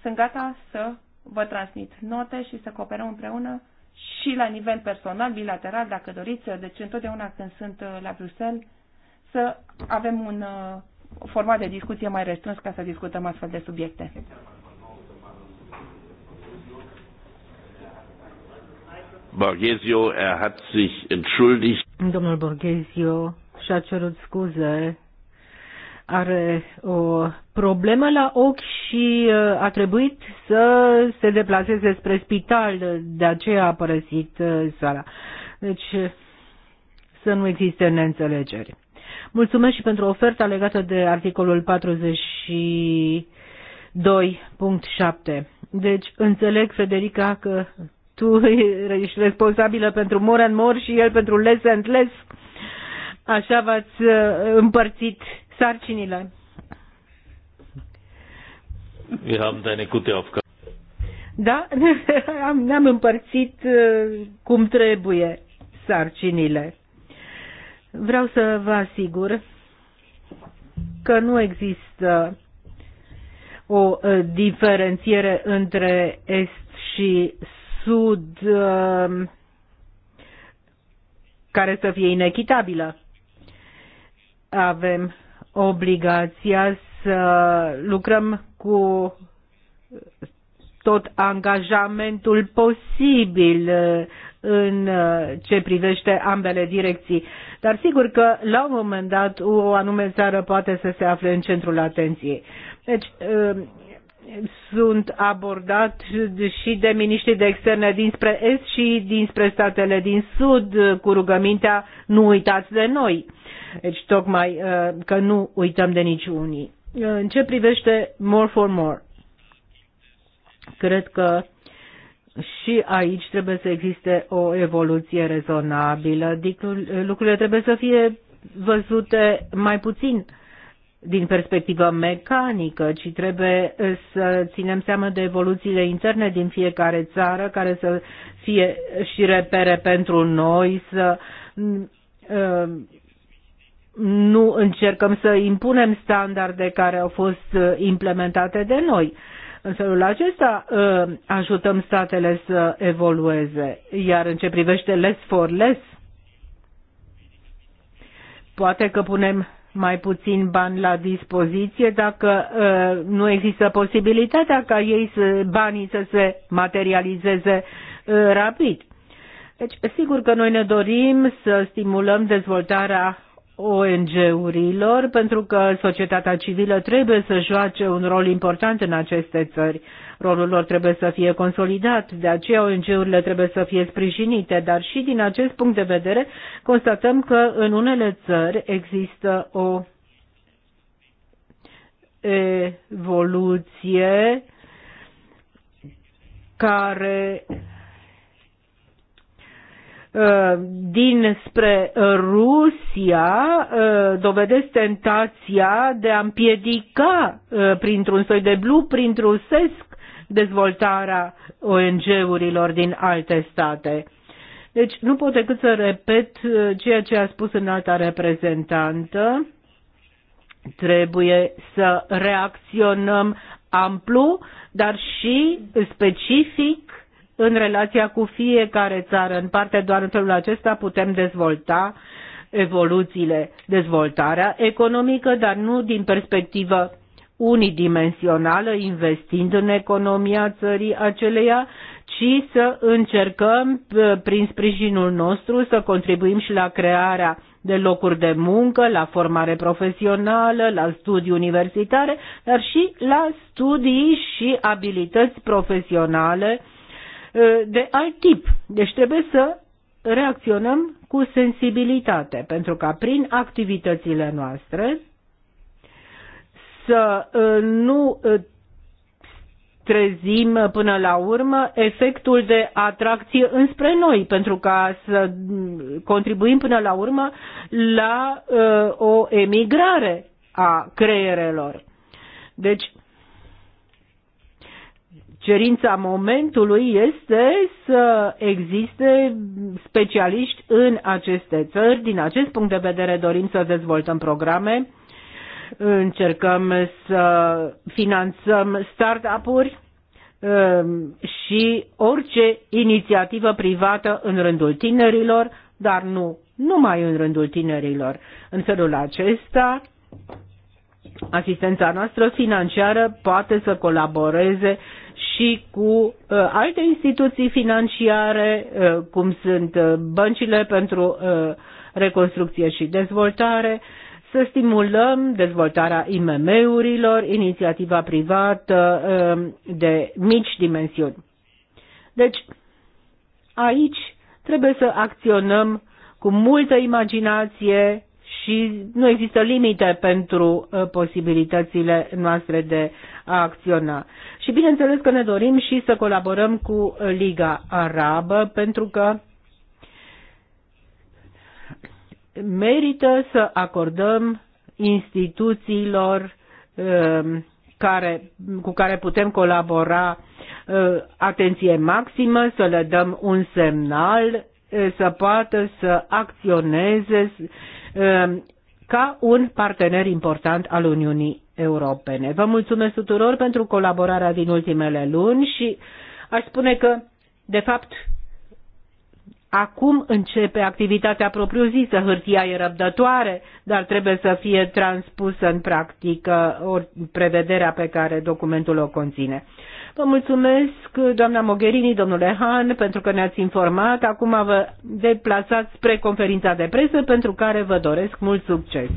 Sunt gata să vă transmit note și să cooperăm împreună și la nivel personal, bilateral, dacă doriți. Deci întotdeauna când sunt la Bruxelles, să avem un uh, format de discuție mai restrâns ca să discutăm astfel de subiecte. Borghezio, er hat sich entschuldigt. Domnul Borghezio și-a cerut scuze. Are o problemă la ochi și uh, a trebuit să se deplaseze spre spital, de aceea a părăsit uh, sala. Deci să nu existe neînțelegeri. Mulțumesc și pentru oferta legată de articolul 42.7. Deci înțeleg, Frederica, că tu ești responsabilă pentru more and more și el pentru less and less. Așa v-ați uh, împărțit sarcinile. Wir haben deine gute Aufgabe. Da, am ne-am împărțit uh, cum trebuie sarcinile. Vreau să vă asigur că nu există o uh, diferențiere între Est și Sud um, care să fie inechitabilă. Avem obligația să lucrăm cu tot angajamentul posibil uh, în uh, ce privește ambele direcții. Dar sigur că la un moment dat o anume țară poate să se afle în centrul atenției. Deci uh, sunt abordat și de miniștrii de externe dinspre Est și dinspre statele din Sud cu rugămintea nu uitați de noi. Deci tocmai uh, că nu uităm de niciunii. Uh, în ce privește More for More, cred că și aici trebuie să existe o evoluție rezonabilă. Adică lucrurile trebuie să fie văzute mai puțin uh, din perspectivă mecanică, ci trebuie eh, să ținem seama de evoluțiile interne din fiecare țară, care să fie și repere pentru noi, să mm, eh, nu încercăm să impunem standarde care au fost eh, implementate de noi. În felul acesta ajutăm statele să evolueze, iar în ce privește less for less, poate că punem mai puțin bani la dispoziție dacă uh, nu există posibilitatea ca ei să, banii să se materializeze uh, rapid. Deci, sigur că noi ne dorim să stimulăm dezvoltarea ONG-urilor, pentru că societatea civilă trebuie să joace un rol important în aceste țări. Rolul lor trebuie să fie consolidat, de aceea ONG-urile trebuie să fie sprijinite, dar și din acest punct de vedere constatăm că în unele țări există o evoluție care uh, din spre Rusia uh, dovedesc tentația de a împiedica uh, printr-un soi de blu, printr-un sesc dezvoltarea ONG-urilor din alte state. Deci nu pot decât să repet uh, ceea ce a spus în alta reprezentantă. Trebuie să reacționăm amplu, dar și specific în relația cu fiecare țară. În parte doar în felul acesta putem dezvolta evoluțiile, dezvoltarea economică, dar nu din perspectivă unidimensională, investind în economia țării aceleia, ci să încercăm, uh, prin sprijinul nostru, să contribuim și la crearea de locuri de muncă, la formare profesională, la studii universitare, dar și la studii și abilități profesionale uh, de alt tip. Deci trebuie să reacționăm cu sensibilitate, pentru ca prin activitățile noastre să ă, nu ă, trezim ă, până la urmă efectul de atracție înspre noi, pentru ca să contribuim până la urmă la o emigrare a creierelor. Deci, cerința momentului este să existe specialiști în aceste țări. Din acest punct de vedere dorim să dezvoltăm programe încercăm să finanțăm start-up-uri um, și orice inițiativă privată în rândul tinerilor, dar nu numai în rândul tinerilor. În felul acesta, asistența noastră financiară poate să colaboreze și cu uh, alte instituții financiare, uh, cum sunt uh, băncile pentru uh, reconstrucție și dezvoltare, uh, să stimulăm dezvoltarea IMM-urilor, inițiativa privată um, de mici dimensiuni. Deci, aici trebuie să acționăm cu multă imaginație și nu există limite pentru uh, posibilitățile noastre de a acționa. Și bineînțeles că ne dorim și să colaborăm cu Liga Arabă pentru că merită să acordăm instituțiilor um, care, cu care putem colabora uh, atenție maximă, să le dăm un semnal, uh, să poată să acționeze um, ca un partener important al Uniunii Europene. Vă mulțumesc tuturor pentru colaborarea din ultimele luni și aș spune că, de fapt, Acum începe activitatea propriu-zisă, hârtia e răbdătoare, dar trebuie să fie transpusă în practică prevederea pe care documentul o conține. Vă mulțumesc, doamna Mogherini, domnule Han, pentru că ne-ați informat. Acum vă deplasați spre conferința de presă, pentru care vă doresc mult succes.